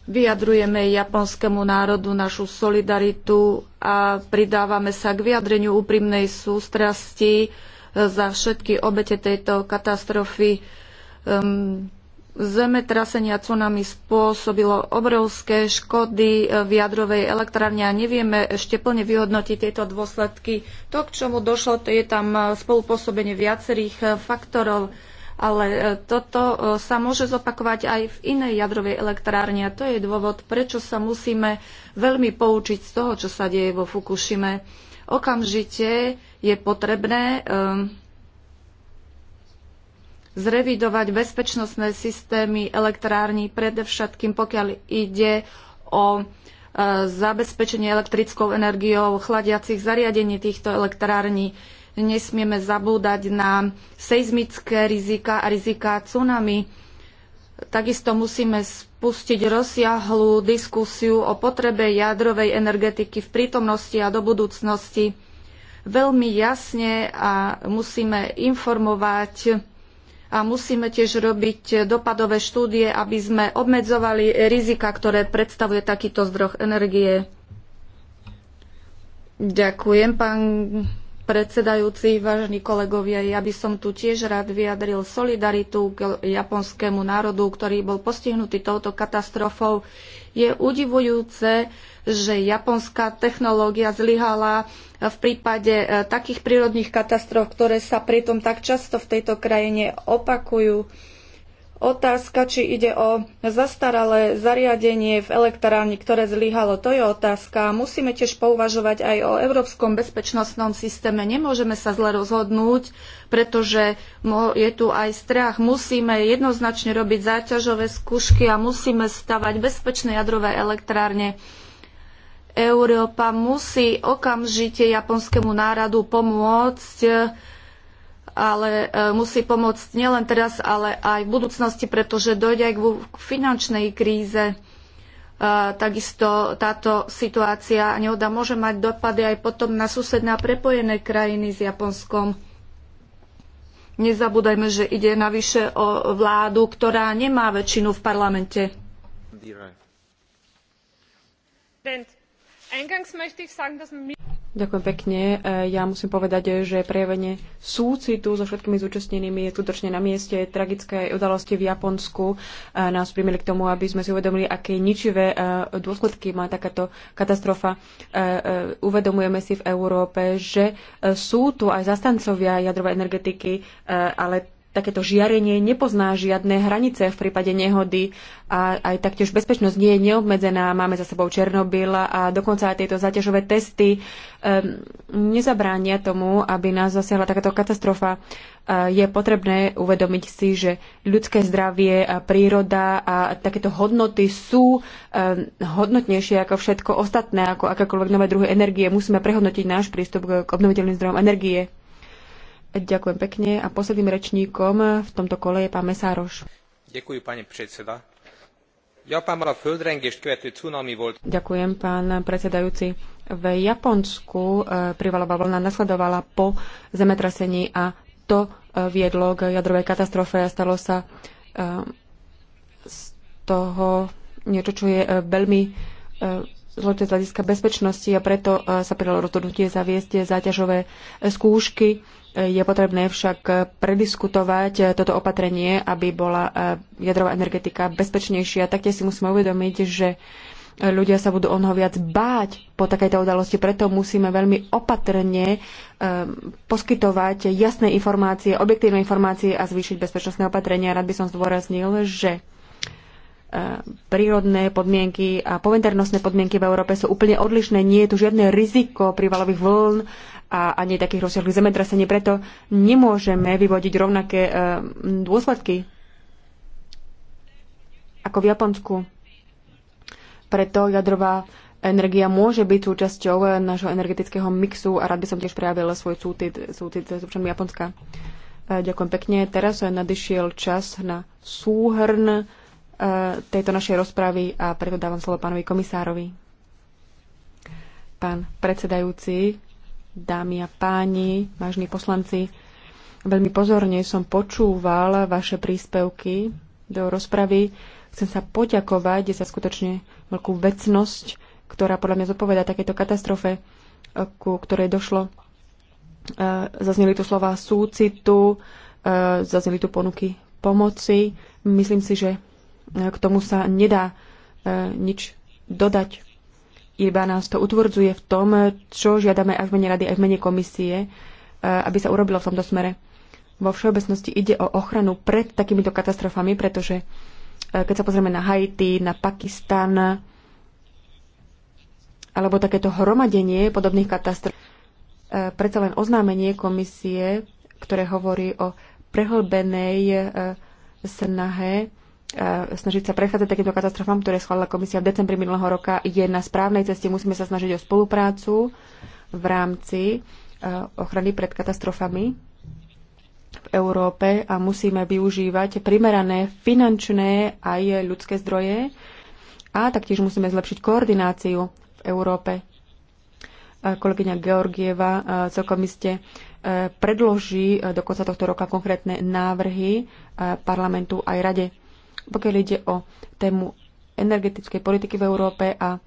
Speaker 2: Vyjadrujeme japonskému národu našu solidaritu a pridávame sa k vyjadreniu úprimnej sústrasti za všetky obete tejto katastrofy. Um, zemetrasenia tsunami spôsobilo obrovské škody eh, v jadrovej elektrárne a nevieme ešte plne vyhodnotiť tieto dôsledky. To, k čomu došlo, to je tam eh, spolupôsobenie viacerých eh, faktorov, ale toto sa môže zopakovať aj v inej jadrovej elektrárne a to je dôvod, prečo sa musíme veľmi poučiť z toho, čo sa deje vo Fukushime. Okamžite je potrebné um, zrevidovať bezpečnostné systémy elektrární, predovšetkým pokiaľ ide o e, zabezpečenie elektrickou energiou chladiacich zariadení týchto elektrární. Nesmieme zabúdať na seizmické rizika a rizika tsunami. Takisto musíme spustiť rozsiahlú diskusiu o potrebe jadrovej energetiky v prítomnosti a do budúcnosti veľmi jasne a musíme informovať a musíme tiež robiť dopadové štúdie, aby sme obmedzovali rizika, ktoré predstavuje takýto zdroj energie. Ďakujem, pán predsedajúci, vážení kolegovia, ja by som tu tiež rád vyjadril solidaritu k japonskému národu, ktorý bol postihnutý touto katastrofou. Je udivujúce, že japonská technológia zlyhala v prípade e, takých prírodných katastrof, ktoré sa pritom tak často v tejto krajine opakujú Otázka, či ide o zastaralé zariadenie v elektrárni, ktoré zlyhalo, to je otázka. Musíme tiež pouvažovať aj o európskom bezpečnostnom systéme. Nemôžeme sa zle rozhodnúť, pretože je tu aj strach. Musíme jednoznačne robiť záťažové skúšky a musíme stavať bezpečné jadrové elektrárne. Európa musí okamžite japonskému náradu pomôcť ale e, musí pomôcť nielen teraz, ale aj v budúcnosti, pretože dojde aj k finančnej kríze. E, takisto táto situácia nehoda môže mať dopady aj potom na susedná prepojené krajiny s Japonskom. Nezabúdajme, že ide navyše o vládu, ktorá nemá väčšinu v parlamente.
Speaker 1: Ďakujem pekne. E, ja musím povedať, že prejavenie súcitu so všetkými zúčastnenými je skutočne na mieste. Tragické udalosti v Japonsku e, nás primili k tomu, aby sme si uvedomili, aké ničivé e, dôsledky má takáto katastrofa. Uvedomujeme si v Európe, že sú tu aj zastancovia jadrovej energetiky, ale takéto žiarenie nepozná žiadne hranice v prípade nehody a aj taktiež bezpečnosť nie je neobmedzená. Máme za sebou Černobyl a dokonca aj tieto záťažové testy um, nezabránia tomu, aby nás zasiahla takáto katastrofa. Uh, je potrebné uvedomiť si, že ľudské zdravie a príroda a takéto hodnoty sú um, hodnotnejšie ako všetko ostatné, ako akékoľvek nové druhy energie. Musíme prehodnotiť náš prístup k obnoviteľným zdrojom energie. Ďakujem pekne a posledným rečníkom v tomto kole je pán Mesároš.
Speaker 3: Ďakujem, pani predseda.
Speaker 1: Ďakujem, pán predsedajúci. V Japonsku e, privalová vlna nasledovala po zemetrasení a to e, viedlo k jadrovej katastrofe a stalo sa e, z toho niečo, čo je veľmi zložité z hľadiska bezpečnosti a preto sa pridalo rozhodnutie zaviesť záťažové skúšky je potrebné však prediskutovať eh, toto opatrenie, aby bola eh, jadrová energetika bezpečnejšia. Taktiež si musíme uvedomiť, že ľudia sa budú onho viac báť po takejto udalosti. Preto musíme veľmi opatrne eh, poskytovať jasné informácie, objektívne informácie a zvýšiť bezpečnostné opatrenia. Rád by som zdôraznil, že prírodné podmienky a poventernostné podmienky v Európe sú úplne odlišné. Nie je tu žiadne riziko prívalových vln a ani takých rozsiahlých zemetrasení. Preto nemôžeme vyvodiť rovnaké eh, dôsledky ako v Japonsku. Preto jadrová energia môže byť súčasťou eh, nášho energetického mixu a rád by som tiež prejavil svoj súcit, súcit s občanmi Japonska. Eh, ďakujem pekne. Teraz nadišiel čas na súhrn Eh, tejto našej rozpravy a preto dávam slovo pánovi komisárovi. Pán predsedajúci, dámy a páni, vážni poslanci, veľmi pozorne som počúval vaše príspevky do rozpravy. Chcem sa poďakovať za skutočne veľkú vecnosť, ktorá podľa mňa zodpoveda takéto katastrofe, eh, ku ktorej došlo. Eh, zazneli tu slova súcitu, zazneli tu ponuky pomoci. Myslím si, že E, k tomu sa nedá e, nič dodať. Iba nás to utvrdzuje v tom, čo žiadame aj v mene rady, aj v mene komisie, e, aby sa urobilo v tomto smere. Vo všeobecnosti ide o ochranu pred takýmito katastrofami, pretože keď sa pozrieme na Haiti, na Pakistan, alebo takéto hromadenie podobných katastrof, predsa len oznámenie komisie, ktoré hovorí o prehlbenej snahe snažiť sa prechádzať takýmto katastrofám, ktoré schválila komisia v decembri minulého roka, je na správnej ceste. Musíme sa snažiť o spoluprácu v rámci e, ochrany pred katastrofami v Európe a musíme využívať primerané finančné aj ľudské zdroje a taktiež musíme zlepšiť koordináciu v Európe. Kolegyňa Georgieva e, celkom iste e, predloží do konca tohto roka konkrétne návrhy parlamentu aj rade pokiaľ ide o tému energetickej politiky v Európe a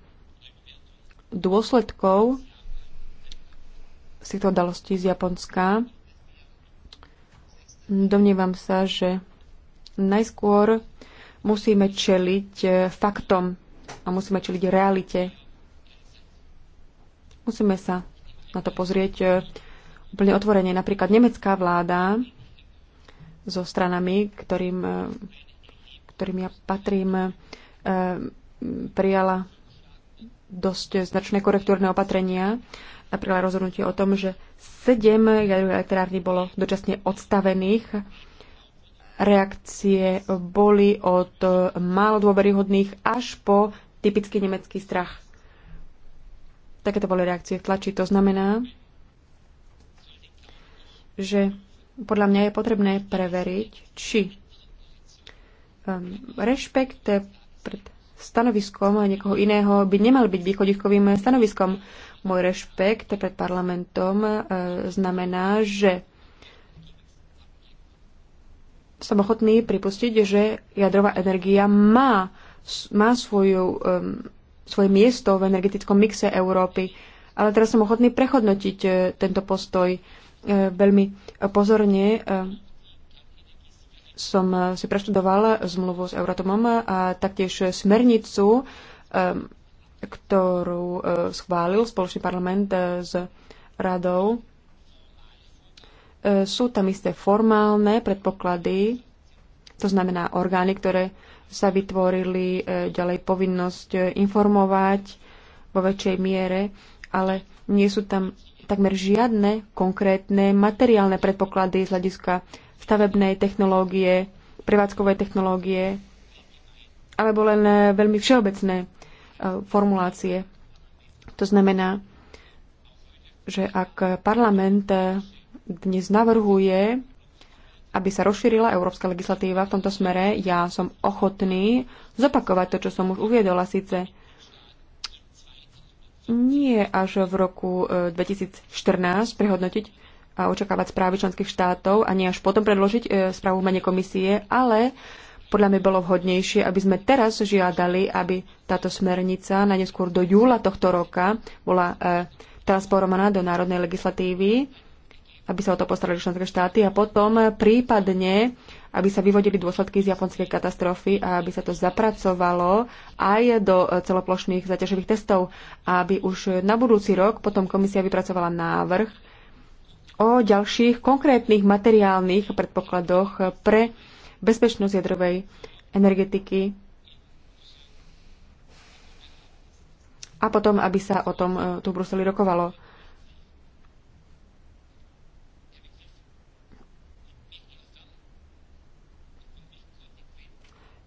Speaker 1: dôsledkov z týchto udalostí z Japonska, domnievam sa, že najskôr musíme čeliť eh, faktom a musíme čeliť realite. Musíme sa na to pozrieť eh, úplne otvorene. Napríklad nemecká vláda so stranami, ktorým eh, ktorým ja patrím, e, prijala dosť značné korektúrne opatrenia a prijala rozhodnutie o tom, že sedem jadrových elektrární bolo dočasne odstavených. Reakcie boli od málo dôveryhodných až po typický nemecký strach. Takéto boli reakcie v tlači. To znamená, že podľa mňa je potrebné preveriť, či Ehm, rešpekt pred stanoviskom niekoho iného by nemal byť východiskovým stanoviskom. Môj rešpekt pred parlamentom e, znamená, že som ochotný pripustiť, že jadrová energia má, má svoju, um, svoje miesto v energetickom mixe Európy. Ale teraz som ochotný prechodnotiť e, tento postoj e, veľmi pozorne ehm, som eh, si preštudoval zmluvu s Euratomom a taktiež smernicu, ktorú eh, schválil spoločný parlament eh, s radou. Sú tam isté formálne predpoklady, to znamená orgány, ktoré sa vytvorili, ďalej povinnosť informovať vo väčšej miere, ale nie sú tam takmer žiadne konkrétne materiálne predpoklady z hľadiska stavebnej technológie, prevádzkovej technológie, alebo len e, veľmi všeobecné e, formulácie. To znamená, že ak parlament e, dnes navrhuje, aby sa rozšírila európska legislatíva v tomto smere, ja som ochotný zopakovať to, čo som už uviedol, síce nie až v roku 2014 prehodnotiť a očakávať správy členských štátov a nie až potom predložiť e, správu v mene komisie, ale podľa mňa bolo vhodnejšie, aby sme teraz žiadali, aby táto smernica najneskôr do júla tohto roka bola e, transformovaná do národnej legislatívy, aby sa o to postarali členské štáty a potom e, prípadne, aby sa vyvodili dôsledky z japonskej katastrofy a aby sa to zapracovalo aj do celoplošných zaťažových testov, aby už na budúci rok potom komisia vypracovala návrh, o ďalších konkrétnych materiálnych predpokladoch pre bezpečnosť jadrovej energetiky a potom, aby sa o tom e, tu v Bruseli rokovalo.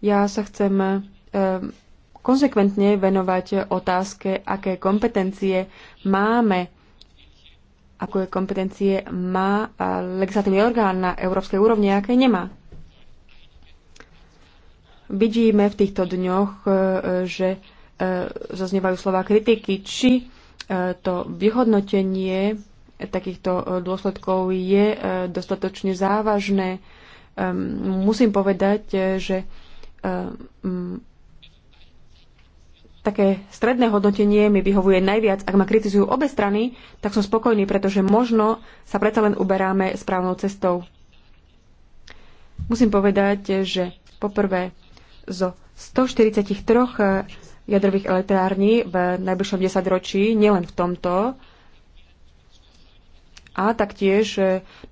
Speaker 1: Ja sa chcem e, konsekventne venovať otázke, aké kompetencie máme ako je kompetencie má legislatívny orgán na európskej úrovni, aké nemá. Vidíme v týchto dňoch, e, že e, zaznievajú slova kritiky, či e, to vyhodnotenie takýchto dôsledkov je dostatočne závažné. Ehm, musím povedať, že také stredné hodnotenie mi vyhovuje najviac. Ak ma kritizujú obe strany, tak som spokojný, pretože možno sa predsa len uberáme správnou cestou. Musím povedať, že poprvé zo 143 jadrových elektrární v najbližšom desaťročí, nielen v tomto, a taktiež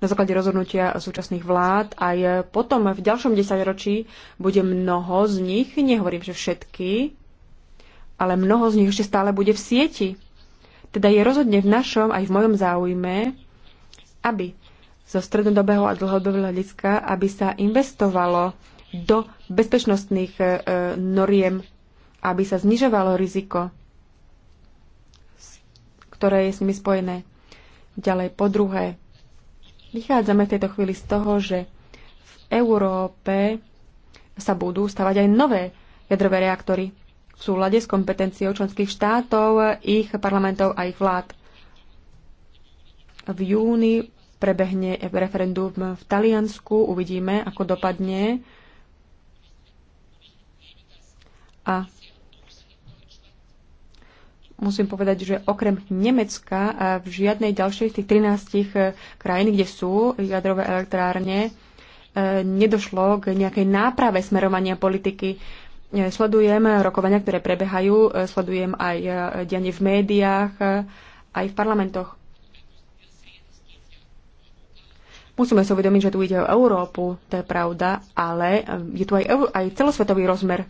Speaker 1: na základe rozhodnutia súčasných vlád aj potom v ďalšom desaťročí bude mnoho z nich, nehovorím, že všetky, ale mnoho z nich ešte stále bude v sieti. Teda je rozhodne v našom aj v mojom záujme, aby zo strednodobého a dlhodobého hľadiska, aby sa investovalo do bezpečnostných e, noriem, aby sa znižovalo riziko, ktoré je s nimi spojené. Ďalej, po druhé, vychádzame v tejto chvíli z toho, že v Európe sa budú stavať aj nové jadrové reaktory v súlade s kompetenciou členských štátov, ich parlamentov a ich vlád. V júni prebehne referendum v Taliansku, uvidíme, ako dopadne. A musím povedať, že okrem Nemecka a eh, v žiadnej ďalšej z tých 13 eh, krajín, kde sú jadrové elektrárne, eh, nedošlo k nejakej náprave smerovania politiky. E, sledujem rokovania, ktoré prebehajú, e, sledujem aj e, dianie v médiách, aj v parlamentoch. Musíme si uvedomiť, že tu ide o Európu, to je pravda, ale je tu aj, aj celosvetový rozmer.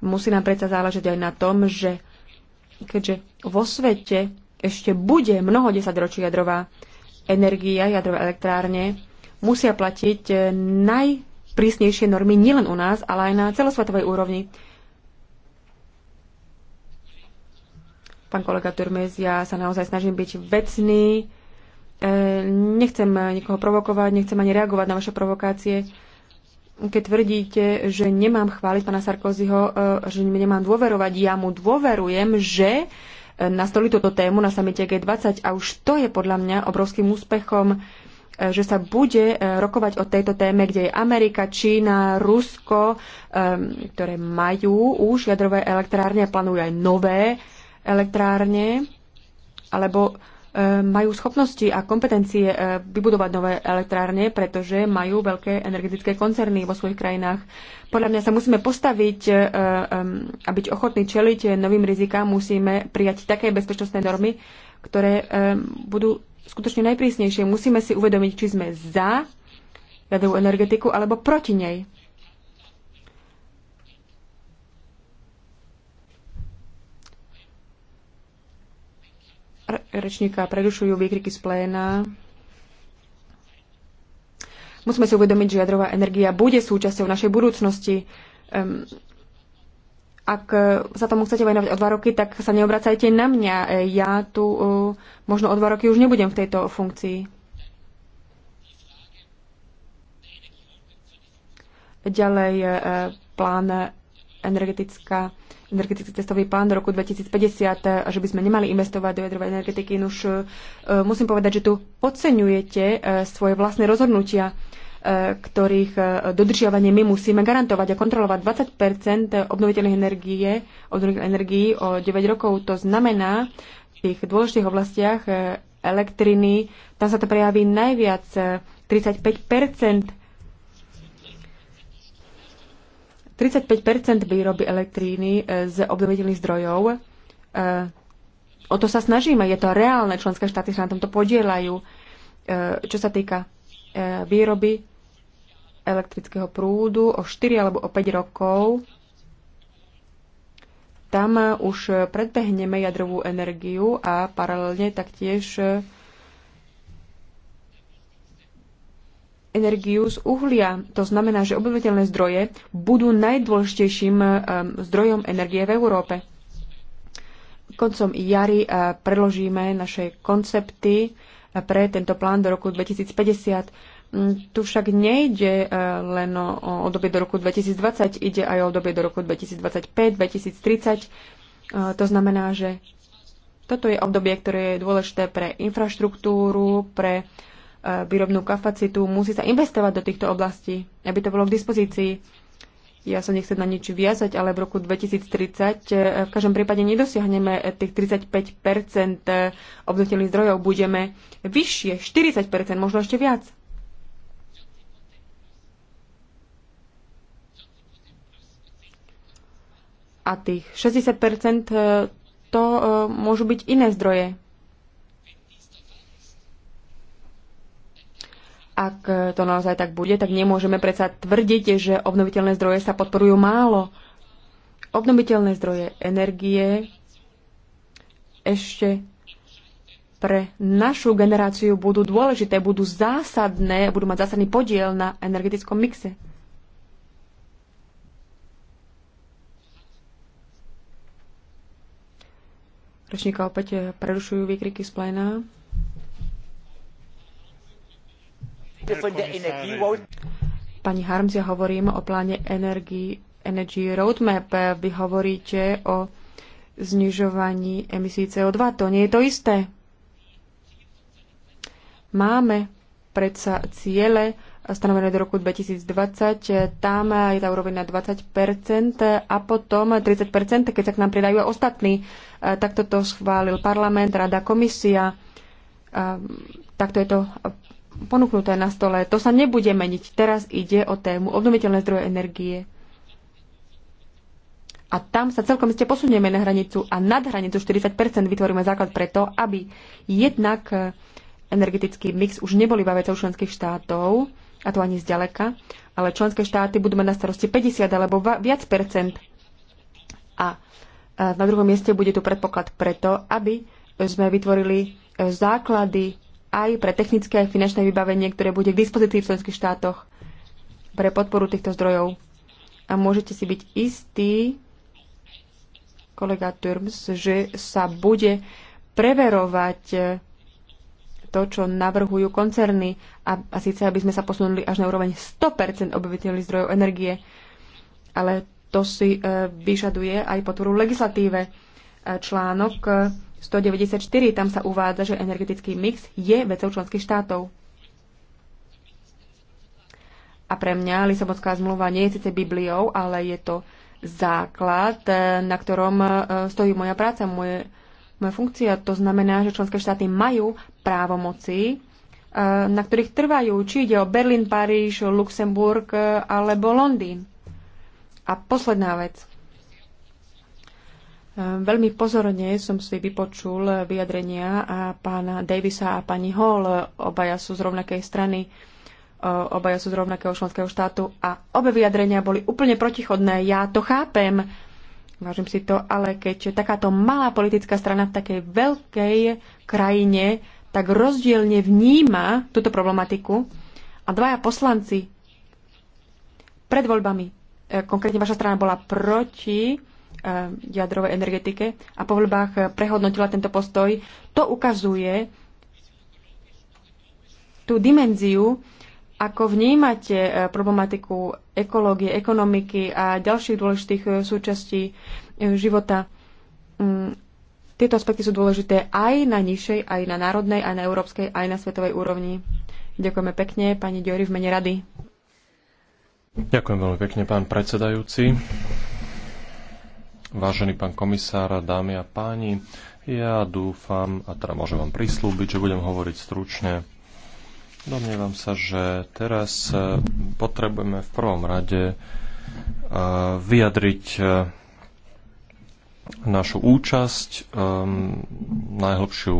Speaker 1: Musí nám predsa záležať aj na tom, že keďže vo svete ešte bude mnoho desaťročí jadrová energia, jadrové elektrárne, musia platiť naj prísnejšie normy nielen u nás, ale aj na celosvetovej úrovni. Pán kolega Turmes, ja sa naozaj snažím byť vecný. E, nechcem nikoho provokovať, nechcem ani reagovať na vaše provokácie. Keď tvrdíte, že nemám chváliť pána Sarkozyho, e, že nemám dôverovať, ja mu dôverujem, že e, nastolí túto tému na samite G20 a už to je podľa mňa obrovským úspechom. E, že sa bude e, rokovať o tejto téme, kde je Amerika, Čína, Rusko, e, ktoré majú už jadrové elektrárne a plánujú aj nové elektrárne, alebo majú schopnosti a kompetencie vybudovať nové elektrárne, pretože majú veľké energetické koncerny vo svojich krajinách. Podľa mňa sa musíme postaviť a byť ochotní čeliť novým rizikám, musíme prijať také bezpečnostné normy, ktoré budú skutočne najprísnejšie. Musíme si uvedomiť, či sme za jadrovú energetiku alebo proti nej. Rečníka predušujú výkriky z pléna. Musíme si uvedomiť, že jadrová energia bude súčasťou našej budúcnosti. Um, ak sa e, tomu chcete venovať o dva roky, tak sa neobracajte na mňa. E, ja tu e, možno o dva roky už nebudem v tejto funkcii. Ďalej plán energetická energetický cestový plán do roku 2050, a že by sme nemali investovať do jadrovej energetiky. Už musím povedať, že tu podceňujete svoje vlastné rozhodnutia ktorých e, dodržiavanie my musíme garantovať a kontrolovať. 20 obnoviteľných energie, obnoviteľných energií o 9 rokov, to znamená v tých dôležitých oblastiach e, elektriny, tam sa to prejaví najviac 35 e, 35 výroby elektríny z obnoviteľných zdrojov. O to sa snažíme, je to reálne, členské štáty sa na tomto podielajú. Čo sa týka výroby elektrického prúdu o 4 alebo o 5 rokov. Tam už predbehneme jadrovú energiu a paralelne taktiež energiu z uhlia. To znamená, že obyvateľné zdroje budú najdôležitejším um, zdrojom energie v Európe. Koncom jary uh, predložíme naše koncepty uh, pre tento plán do roku 2050 Mm, tu však nejde eh, len o obdobie do roku 2020, ide aj o obdobie do roku 2025, 2030. Eh, to znamená, že toto je obdobie, ktoré je dôležité pre infraštruktúru, pre eh, výrobnú kapacitu. Musí sa investovať do týchto oblastí, aby to bolo k dispozícii. Ja sa nechcem na nič viazať, ale v roku 2030 v každom prípade nedosiahneme tých 35 obnoviteľných zdrojov. Budeme vyššie, 40 možno ešte viac. A tých 60 e, to e, môžu byť iné zdroje. Ak e, to naozaj tak bude, tak nemôžeme predsa tvrdiť, že obnoviteľné zdroje sa podporujú málo. Obnoviteľné zdroje energie ešte pre našu generáciu budú dôležité, budú zásadné, budú mať zásadný podiel na energetickom mixe. Rečníka opäť eh, prerušujú výkriky z pléna. Pani Harms, ja hovorím o pláne Energy, Energy Roadmap. Vy hovoríte o znižovaní emisí CO2. To nie je to isté. Máme predsa ciele stanovené do roku 2020. Tam je tá úroveň na 20 a potom 30 keď sa k nám pridajú ostatní. E, tak toto schválil parlament, rada, komisia. E, takto je to ponúknuté na stole. To sa nebude meniť. Teraz ide o tému obnoviteľné zdroje energie. A tam sa celkom ste posunieme na hranicu a nad hranicu 40 vytvoríme základ preto, aby jednak e, energetický mix už nebol iba vecou členských štátov, a to ani zďaleka, ale členské štáty budú mať na starosti 50 alebo viac percent. A e, na druhom mieste bude tu predpoklad preto, aby sme vytvorili e, základy aj pre technické a finančné vybavenie, ktoré bude k dispozícii v členských štátoch pre podporu týchto zdrojov. A môžete si byť istí, kolega Turms, že sa bude preverovať e, to, čo navrhujú koncerny a, a síce, aby sme sa posunuli až na úroveň 100% obyvateľných zdrojov energie. Ale to si e, vyžaduje aj podporu legislatíve. E, článok 194, e, tam sa uvádza, že energetický mix je vecou členských štátov. A pre mňa Lisabonská zmluva nie je síce Bibliou, ale je to základ, e, na ktorom e, stojí moja práca, moje funkcia. To znamená, že členské štáty majú právomoci, e, na ktorých trvajú, či ide o Berlin, Paríž, Luxemburg e, alebo Londýn. A posledná vec. E, veľmi pozorne som si vypočul vyjadrenia a pána Davisa a pani Hall. Obaja sú z rovnakej strany, obaja sú z rovnakého členského štátu a obe vyjadrenia boli úplne protichodné. Ja to chápem, Vážim si to, ale keď takáto malá politická strana v takej veľkej krajine tak rozdielne vníma túto problematiku a dvaja poslanci pred voľbami, e, konkrétne vaša strana bola proti e, jadrovej energetike a po voľbách e, prehodnotila tento postoj, to ukazuje tú dimenziu, ako vnímate problematiku ekológie, ekonomiky a ďalších dôležitých e, súčastí e, života. Mm, tieto aspekty sú dôležité aj na nižšej, aj na národnej, aj na európskej, aj na svetovej úrovni. Ďakujeme pekne, pani Diori v mene rady.
Speaker 3: Ďakujem veľmi pekne, pán predsedajúci. Vážený pán komisár, dámy a páni, ja dúfam, a teda môžem vám prislúbiť, že budem hovoriť stručne Domnievam sa, že teraz e, potrebujeme v prvom rade e, vyjadriť e, našu účasť, najhlbšiu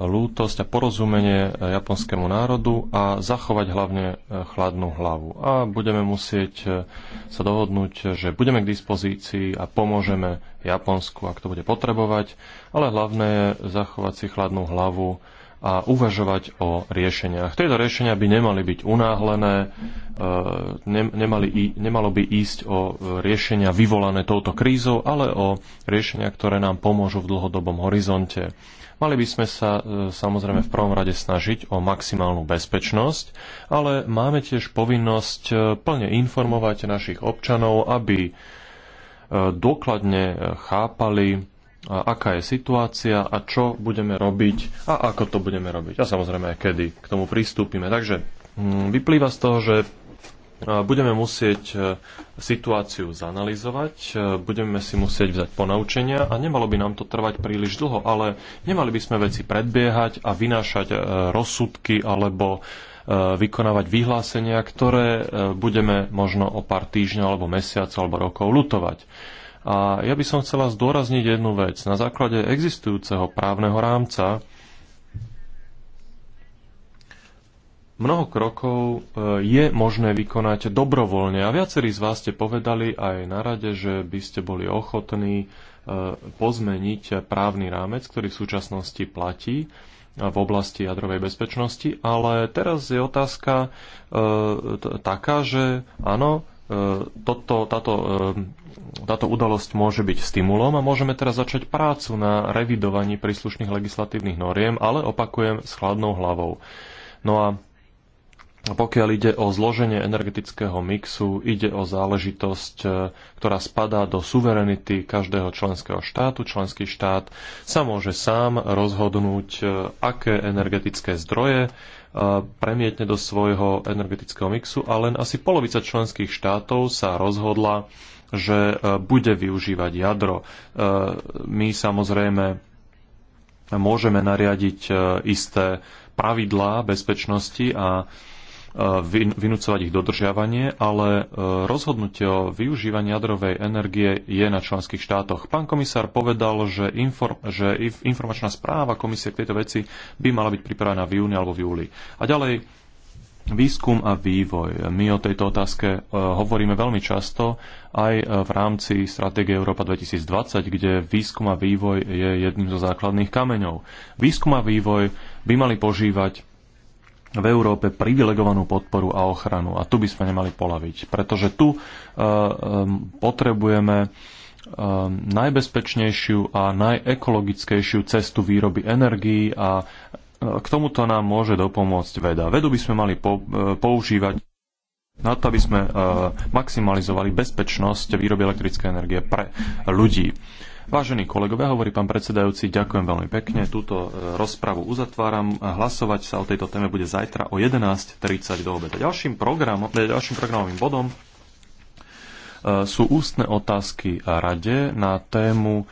Speaker 3: lútosť a porozumenie japonskému národu a zachovať hlavne chladnú hlavu. A budeme musieť sa dohodnúť, že budeme k dispozícii a pomôžeme Japonsku, ak to bude potrebovať, ale hlavné je zachovať si chladnú hlavu a uvažovať o riešeniach. Tieto riešenia by nemali byť unáhlené, e, nemali, nemalo by ísť o riešenia vyvolané touto krízou, ale o riešenia, ktoré nám pomôžu v dlhodobom horizonte. Mali by sme sa e, samozrejme v prvom rade snažiť o maximálnu bezpečnosť, ale máme tiež povinnosť e, plne informovať našich občanov, aby dokladne chápali a aká je situácia a čo budeme robiť a ako to budeme robiť a samozrejme aj kedy k tomu pristúpime. Takže mm, vyplýva z toho, že e, budeme musieť e, situáciu zanalizovať, e, budeme si musieť vzať ponaučenia a nemalo by nám to trvať príliš dlho, ale nemali by sme veci predbiehať a vynášať rozsudky alebo vykonávať vyhlásenia, ktoré budeme možno o pár týždňov alebo mesiacov alebo rokov lutovať. A ja by som chcela zdôrazniť jednu vec. Na základe existujúceho právneho rámca Mnoho krokov e, je možné vykonať dobrovoľne a viacerí z vás ste povedali aj na rade, že by ste boli ochotní e, pozmeniť právny rámec, ktorý v súčasnosti platí e, v oblasti jadrovej bezpečnosti, ale teraz je otázka taká, že áno, E, toto, táto, e, táto udalosť môže byť stimulom a môžeme teraz začať prácu na revidovaní príslušných legislatívnych noriem, ale opakujem s chladnou hlavou. No a pokiaľ ide o zloženie energetického mixu, ide o záležitosť, e, ktorá spadá do suverenity každého členského štátu. Členský štát sa môže sám rozhodnúť, aké energetické zdroje premietne do svojho energetického mixu a len asi polovica členských štátov sa rozhodla, že e, bude využívať jadro. E, my samozrejme môžeme nariadiť e, isté pravidlá bezpečnosti a Eh, vynúcovať ich dodržiavanie, ale eh, rozhodnutie o využívaní jadrovej energie je na členských štátoch. Pán komisár povedal, že, inform, že informačná správa komisie k tejto veci by mala byť pripravená v júni alebo v júli. A ďalej výskum a vývoj. My o tejto otázke eh, hovoríme veľmi často aj v rámci stratégie Európa 2020, kde výskum a vývoj je jedným zo základných kameňov. Výskum a vývoj by mali požívať v Európe privilegovanú podporu a ochranu. A tu by sme nemali polaviť, pretože tu e, e, potrebujeme e, najbezpečnejšiu a najekologickejšiu cestu výroby energií a k tomuto nám môže dopomôcť veda. Vedu by sme mali používať na to, aby sme maximalizovali bezpečnosť výroby elektrickej energie pre ľudí. Vážení kolegovia, hovorí pán predsedajúci, ďakujem veľmi pekne. Túto e, rozpravu uzatváram. Hlasovať sa o tejto téme bude zajtra o 11.30 do obeda. Ďalším, program, e, ďalším programovým bodom e, sú ústne otázky a rade na tému